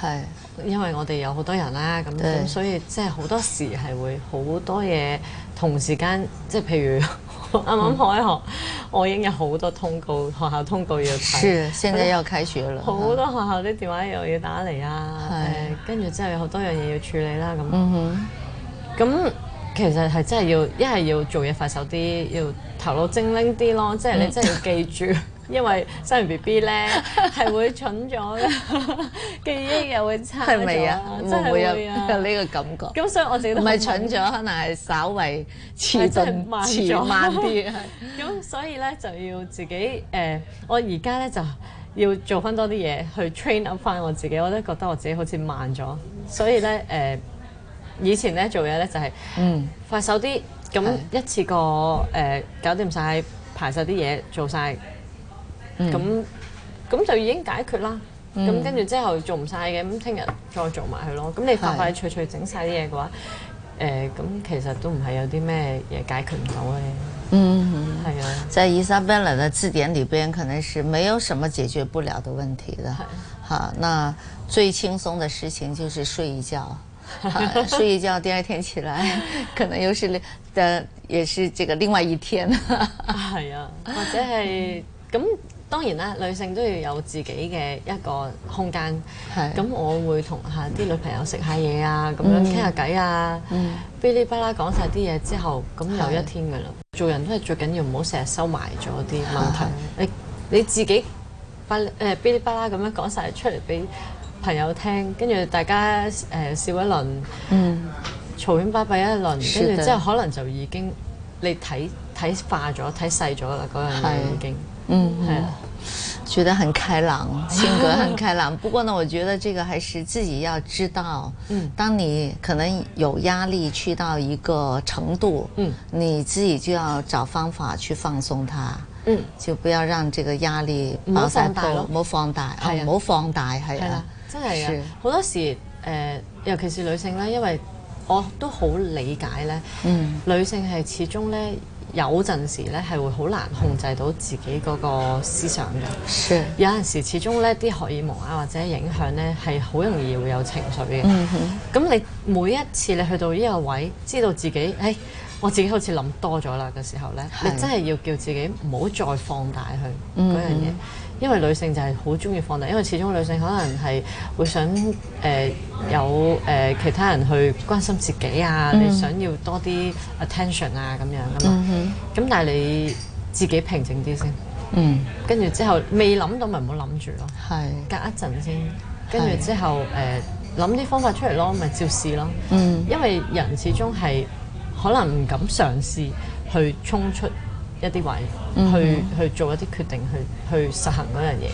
係、mm hmm. 因為我哋有好多人啦、啊，咁對 所以即係好多時係會好多嘢同時間，即、就、係、是、譬如。啱啱開學，嗯、我已經有好多通告，學校通告要睇。是的，以現在要開學了。好多學校啲電話又要打嚟啊！誒的，的跟住之後有好多樣嘢要處理啦，咁。嗯哼。咁其實係真係要，一係要做嘢快手啲，要頭腦精靈啲咯，即、就、係、是、你真係要記住、嗯。 因為生完 B B 咧，係會蠢咗， 記憶又會差咗，係咪啊？真係會、啊、會有呢個感覺咁，所以我自己都唔係蠢咗，可能係稍微遲鈍咗慢啲。咁 所以咧就要自己、呃、我而家咧就要做翻多啲嘢去 train up 翻我自己。我都覺得我自己好似慢咗，所以咧、呃、以前咧做嘢咧就係、是嗯、快手啲，咁一次過誒、呃、搞掂晒，排晒啲嘢做晒。咁咁、嗯、就已經解決啦。咁跟住之後做唔晒嘅，咁聽日再做埋佢咯。咁你快快脆脆整晒啲嘢嘅話，誒、呃、咁其實都唔係有啲咩嘢解決唔到嘅。嗯哼，係啊。在 Isabella 嘅字典裡邊，可能是沒有什麼解決不了嘅問題的。啊、好，那最輕鬆嘅事情就是睡一覺， 啊、睡一覺，第二天起來可能又是另，但也是這個另外一天。係啊，或者係。嗯咁當然啦，女性都要有自己嘅一個空間。咁的我會同下啲女朋友食下嘢啊，咁樣傾下偈啊，噼里啪啦講晒啲嘢之後，咁又有一天噶啦。的做人都係最緊要唔好成日收埋咗啲問題的你。你自己，噼里啪啦咁樣講晒出嚟俾朋友聽，跟住大家誒、呃、笑一輪，嘈喧巴閉一輪，跟住的之後可能就已經你睇睇化咗睇細咗啦嗰樣嘢已經。嗯，係啊，覺得很開朗，性格很開朗。不過呢，我覺得這個還是自己要知道。嗯，當你可能有壓力去到一個程度，嗯，你自己就要找方法去放鬆它。嗯，就不要讓這個壓力。唔好放大咯！唔好放大，係唔好放大，係啊，真係啊！好多時，誒，尤其是女性啦，因為我都好理解咧，嗯，女性係始終咧。有陣時咧係會好難控制到自己嗰個思想嘅，有陣時始終咧啲荷爾蒙啊，或者影響咧係好容易會有情緒嘅。咁你每一次你去到呢個位，知道自己誒、哎、我自己好似諗多咗啦嘅時候咧，你真係要叫自己唔好再放大佢嗰樣嘢。因為女性就係好中意放大，因為始終女性可能係會想、呃、有、呃、其他人去關心自己啊，mm hmm. 你想要多啲 attention 啊咁樣噶嘛。咁、mm hmm. 但係你自己平靜啲先。嗯、mm。跟、hmm. 住之後未諗到咪唔好諗住咯。Mm hmm. 隔一陣先。跟住之後誒諗啲方法出嚟咯，咪照試咯。嗯、mm。Hmm. 因為人始終係可能唔敢嘗試去衝出一啲位去去做一啲決定，去去實行嗰樣嘢。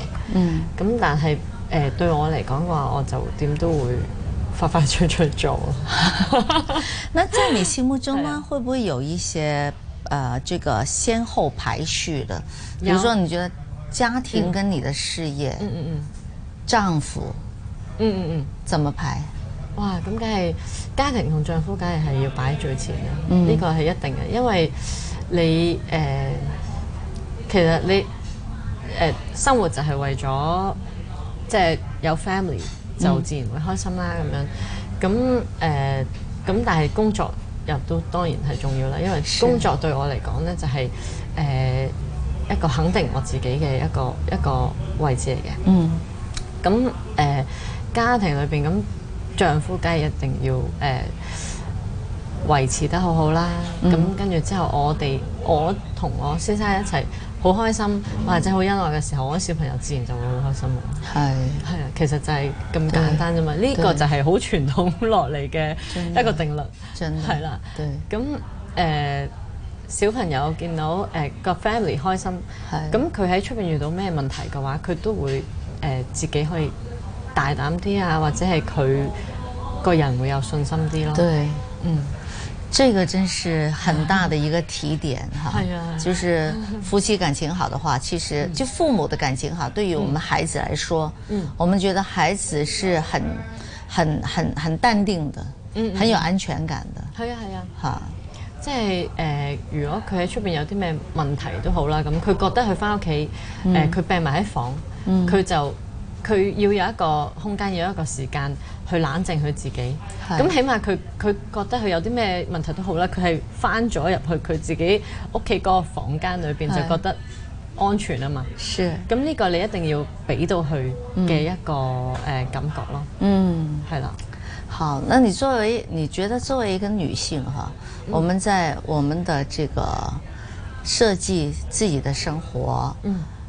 咁、嗯、但係誒、呃、對我嚟講嘅話，我就點都會快快脆脆做。 那在你心目中呢、啊，是會不會有一些誒、呃、這個先後排序的？有比如說，你覺得家庭跟你的事業，嗯，夫嗯嗯嗯，丈夫，嗯嗯嗯，怎麼排？哇！咁梗係家庭同丈夫梗係係要擺喺最前嘅，呢個係一定嘅，因為。你誒、呃、其實你誒、呃、生活就係為咗即係有 family 就自然會開心啦，咁、嗯、樣咁誒咁，但係工作又都當然係重要啦，因為工作對我嚟講咧就係、是、誒、呃、一個肯定我自己嘅一個一個位置嚟嘅。嗯，咁誒、呃、家庭裏邊咁丈夫梗係一定要誒。呃維持得好好啦，咁跟住之後我，我哋我同我先生一齊好開心，嗯、或者好恩愛嘅時候，我小朋友自然就會好開心咯、啊。係啊是，其實就係咁簡單啫嘛。呢對個就係好傳統落嚟嘅一個定律，係啦。咁誒對、呃、小朋友見到誒、呃那個 family 開心，咁佢喺出邊遇到咩問題嘅話，佢都會誒、呃、自己可以大膽啲啊，或者係佢個人會有信心啲咯。對，嗯。這個真是很大的一個提點哈，就是夫妻感情好的話，其實就父母的感情好，嗯、對於我們孩子來說，嗯、我們覺得孩子是很、很、很、很淡定的，嗯嗯很有安全感的。係啊係啊，即係誒，如果佢喺出邊有啲咩問題都好啦，咁佢覺得佢返屋企，誒、嗯，佢、呃、病埋喺房，佢、嗯、就。佢要有一個空間，要有一個時間去冷靜佢自己。咁是起碼佢佢覺得佢有啲咩問題都好啦，佢係返咗入去佢自己屋企嗰個房間裏面是就覺得安全啊嘛。咁呢是個你一定要俾到佢嘅一個、嗯、感覺咯。嗯，係啦。好，那你作為，你覺得作為一個女性哈，嗯、我們在我們的這個設計自己的生活，嗯。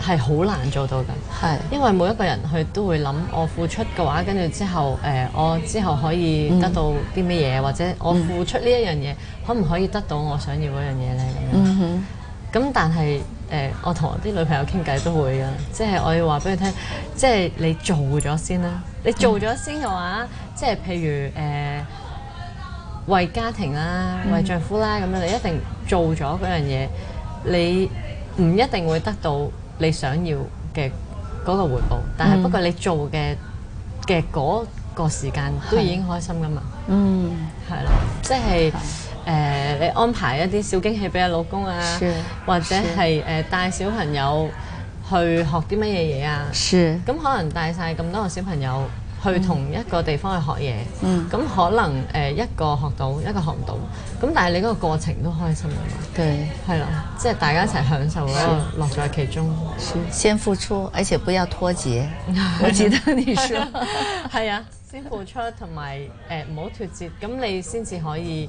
係好難做到㗎，係的因為每一個人佢都會諗，我付出嘅話，跟住之後，誒、呃，我之後可以得到啲咩嘢，嗯、或者我付出呢一樣嘢，嗯、可唔可以得到我想要嗰樣嘢呢？」咁樣咁，但係誒、呃，我同我啲女朋友傾偈都會啊，即係我要話俾佢聽，即係你做咗先啦，你做咗先嘅、嗯、話，即係譬如誒、呃、為家庭啦，為丈夫啦，咁樣、嗯、你一定做咗嗰樣嘢，你唔一定會得到。你想要嘅嗰個回報，但係不過你做嘅嘅嗰個時間都已經開心噶嘛？嗯，係咯，即係誒 Okay. 呃、你安排一啲小驚喜俾阿老公啊，是或者係誒是、呃、帶小朋友去學啲乜嘢嘢啊，咁是可能帶晒咁多個小朋友。去同一個地方去學嘢，咁、mm. 嗯嗯、可能誒、呃、一個學到，一個學唔到，咁但係你嗰個過程都開心㗎嘛，係啦， 即係大家一齊享受嗰個、嗯、樂在其中。先付出，而且不要脫節 我記得你說，係 啊，先付出同埋誒唔好脫節，咁你先至可以。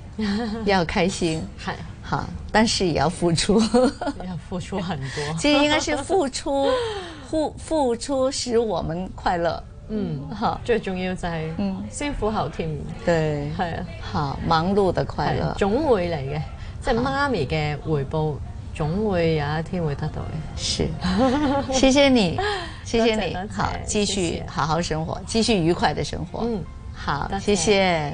要開心，好，但是也要付出，要付出很多。其實應該是付出，付付出使我們快樂。嗯，好，最重要在幸福，好聽。對，是啊，好忙碌的快樂，總會來嘅。即係媽咪嘅回報，總會有一天會得到嘅。是，謝謝你，謝謝你，好，繼續好好生活，繼續愉快的生活。嗯，好，謝謝。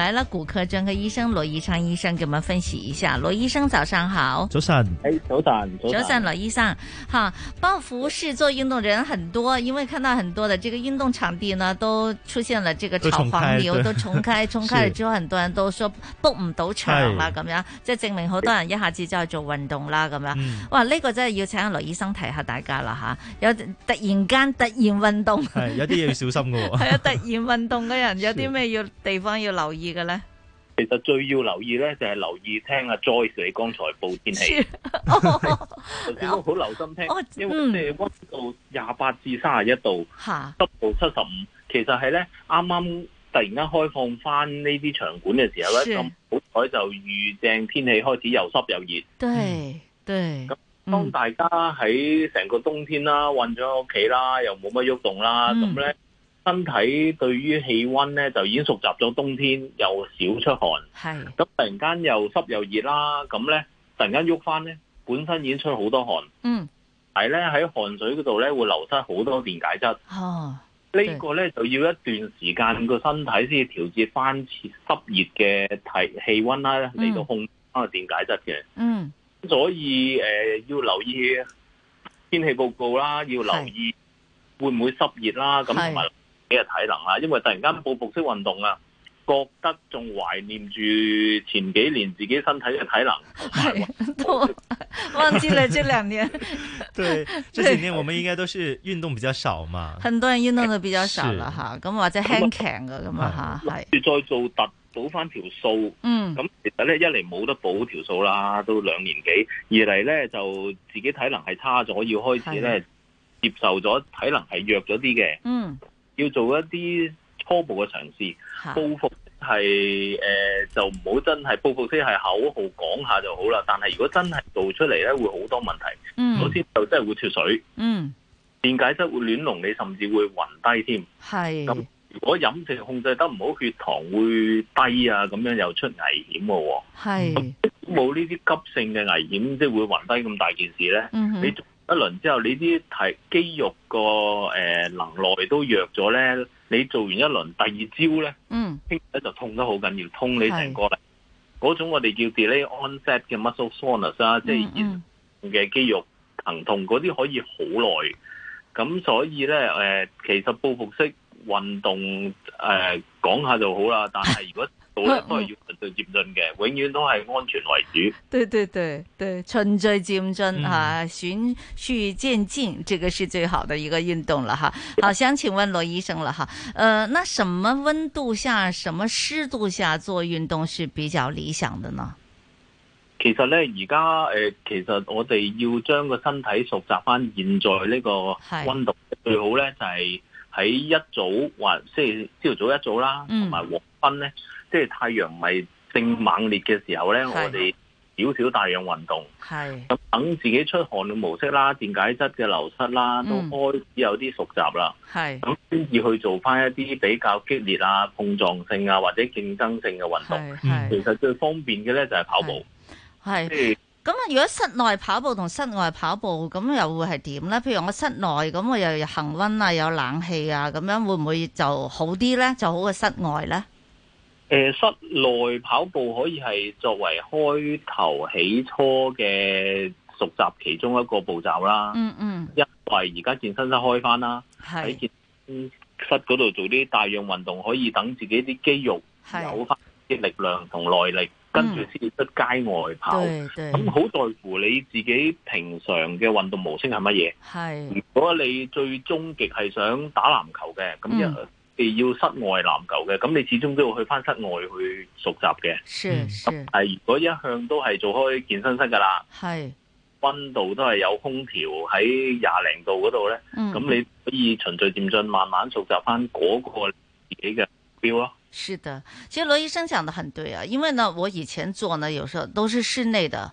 來了骨科專科醫生羅宜昌醫生醫生，給我們分析一下。羅醫生早上好，早晨，誒，早晨，早晨，羅醫生，吓、啊，報復式做運動人很多，因為看到很多的這個運動場地呢，都出現了這個炒黃牛，都重，都重開，重開了之後，是很多人都說 book 唔到場啦，咁是樣，即係證明好多人一下子就做運動啦，咁樣，嗯、哇，呢、這個真係要請羅醫生提下大家啦，吓，有突然間突然運動，係，有啲嘢要小心嘅，係啊， 突然運動嘅人有啲咩要地方要留意。嘅咧，其實最要留意咧，就係、是、留意聽阿 Joyce 你剛才報天氣，頭先、 哦、 都好留心聽，哦、因為溫度廿八至三十一度，濕、嗯、度七十五，其實係咧啱啱突然間開放翻呢啲場館嘅時候咧，是咁好彩就遇正天氣，開始又濕又熱，對、嗯、對。咁當大家喺成個冬天啦，困咗屋企啦，又冇乜喐動啦，咁咧、嗯。身體對於氣温咧就已經熟習咗冬天又少出汗，係咁是突然間又濕又熱啦，咁咧突然間喐翻咧，本身已經出好多汗，嗯，係咧喺汗水嗰度咧會流失好多電解質，哦，這個呢個咧就要一段時間個身體先要調節翻濕熱嘅體氣温啦，嚟、嗯、到控翻個電解質嘅，嗯，所以誒、呃、要留意天氣報告啦，要留意是會唔會濕熱啦，咁同埋。幾嘅體能啦？因為突然間報復式運動啊，覺得仲懷念住前幾年自己身體嘅體能，係是、嗯、忘記了這兩年。 對，這幾年我們應該都是運動比較少嘛，很多人運動都比較少了哈，咁是、啊、或者係好強噶咁啊吓，係再做突補翻條數，嗯，咁其實咧一嚟冇得補條數啦，都兩年幾，二嚟咧就自己體能係差咗，要開始咧是接受咗體能係弱咗啲嘅，嗯。要做一啲初步嘅嘗試，報復係誒、呃、就唔好真係報復，即係口號講下就好啦。但係如果真係做出嚟咧，會好多問題，首先、嗯、就真係會脫水，電解質會亂龍，你甚至會暈低添。係咁是，如果飲食控制得唔好，血糖會低啊，咁樣又出危險嘅。係冇呢啲急性嘅危險，即是會暈低咁大件事咧。你、嗯。一輪之後，你啲肌肉個能耐都弱咗咧。你做完一輪，第二朝咧，嗯， 起就痛得好緊要，痛你成個嚟。嗰種我哋叫 delay onset 嘅 muscle soreness 啊，即係現嘅肌肉疼痛嗰啲可以好耐。咁所以咧誒，其實報復式運動誒講下就好啦。但係如果都係要循序漸進嘅，永遠都係安全為主。對對對對，循序漸進吓，循序漸進，這個是最好的一個運動啦，吓，好，想請問羅醫生啦，吓，呃，那什麼温度下、什麼濕度下做運動是比較理想的呢？其實咧，而家誒，其實我哋要將個身體熟習翻，現在呢個溫度是最好咧，就係、是、喺一早或即係朝早一早啦，同埋、嗯、黃昏咧。即係太陽唔係正猛烈嘅時候咧，嗯、我哋少少大量運動，咁是等自己出汗嘅模式啦、電解質嘅流失啦，嗯、都開始有啲熟習啦。咁先至去做翻一啲比較激烈啊、碰撞性啊或者競爭性嘅運動。其實最方便嘅咧就係跑步。係咁啊！以如果室內跑步同室外跑步咁又會係點咧？譬如我室內咁，我又恆温啊，有冷氣啊，咁樣會唔會就好啲咧？就好過室外咧？誒、呃，室內跑步可以係作為開頭起初嘅熟習其中一個步驟啦。嗯嗯，嗯因為而家健身室開翻啦，喺是健身室嗰度做啲帶氧運動，可以等自己啲肌肉有翻啲力量同耐力，是跟住先至出街外跑。咁好、嗯、在乎你自己平常嘅運動模式係乜嘢。是如果你最終極係想打籃球嘅，咁就。嗯要室外籃球嘅，咁你始終都要去翻室外去熟習嘅。是是，係如果一向都係做開健身室噶啦，溫是度都係有空調喺廿零度嗰度呢，咁、嗯、你可以循序漸進，慢慢熟習翻嗰個自己嘅目標咯。是的，其實羅醫生講得很對啊，因為呢，我以前做呢，有時候都是室內的。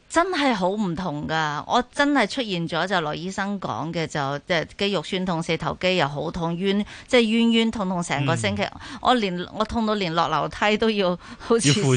真係好唔同噶，我真係出現咗就羅醫生講嘅，就即係肌肉酸痛，四頭肌又好痛，冤即係冤冤痛痛成個星期。嗯、我連我痛到連落樓梯都要好似要扶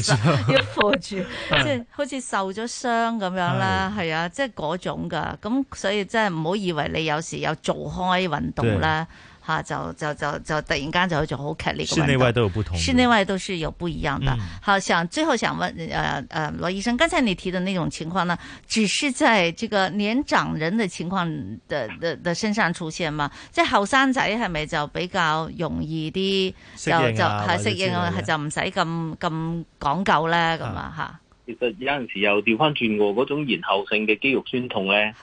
住，即係好似受咗傷咁樣啦。係啊係啊係啊，即係嗰種噶。咁所以真係唔好以為你有時有做開運動啦。吓、啊、就就就就突然間就好劇烈嘅，室內外都有不同，室內外都是有不一樣的。嗯、好想最後想問，誒誒羅醫生，剛才你提到的那種情況呢，只是在這個年長人的情況的的的,的身上出現嗎？即係後生仔係咪就比較容易啲？適應、啊、就唔使咁咁講究咧，咁啊吓。啊其實有陣時又調翻轉嘅，嗰種延後性嘅肌肉酸痛咧，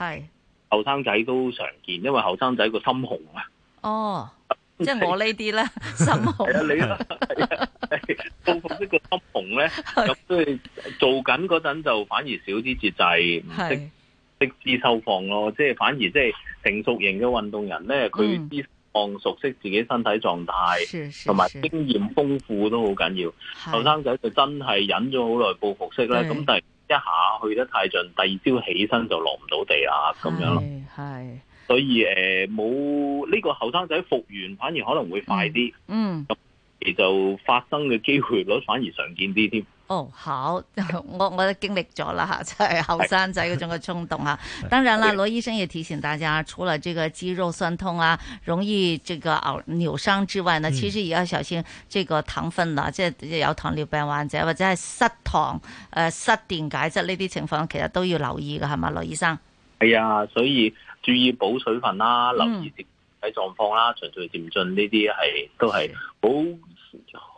後生仔都常見，因為後生仔個心紅啊。哦，即係我呢啲咧，心紅。係啊，你啊，報復式嘅心紅咧，咁所以做緊嗰陣就反而少啲節制，唔識識知收放咯。即係反而即係成熟型嘅運動人咧，佢啲放熟悉自己身體狀態，同埋經驗豐富都好緊要。後生仔就真係忍咗好耐報復式啦。咁但係一下去得太盡，第二朝起身就落唔到地啊，咁樣咯。係。所以誒，冇、呃、呢個後生仔復原，反而可能會快啲、嗯。嗯，咁就發生嘅機會率反而常見啲添。哦，好，我我都經歷咗啦吓，即係後生仔嗰種嘅衝動吓。是當然啦，羅醫生也提醒大家，除了這個肌肉酸痛啊，容易這個扭扭傷之外呢，嗯、其實也要小心這個糖分啦，即、就、係、是、有糖尿病患者或者係失糖誒、呃、失電解質呢啲情況，其實都要留意噶，係嘛，羅醫生。係啊、哎，所以。注意補水分啦、啊，留意身體狀況啦、啊，嗯、循序漸進呢啲係都係好的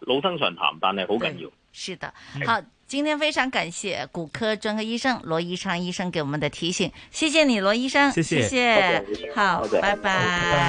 老生常談，但係好緊要。是的，是的。好，今天非常感謝骨科專科醫生羅宜昌醫生給我們的提醒，謝謝你，羅醫生，謝謝，謝謝。好，謝謝。好，拜拜，拜拜。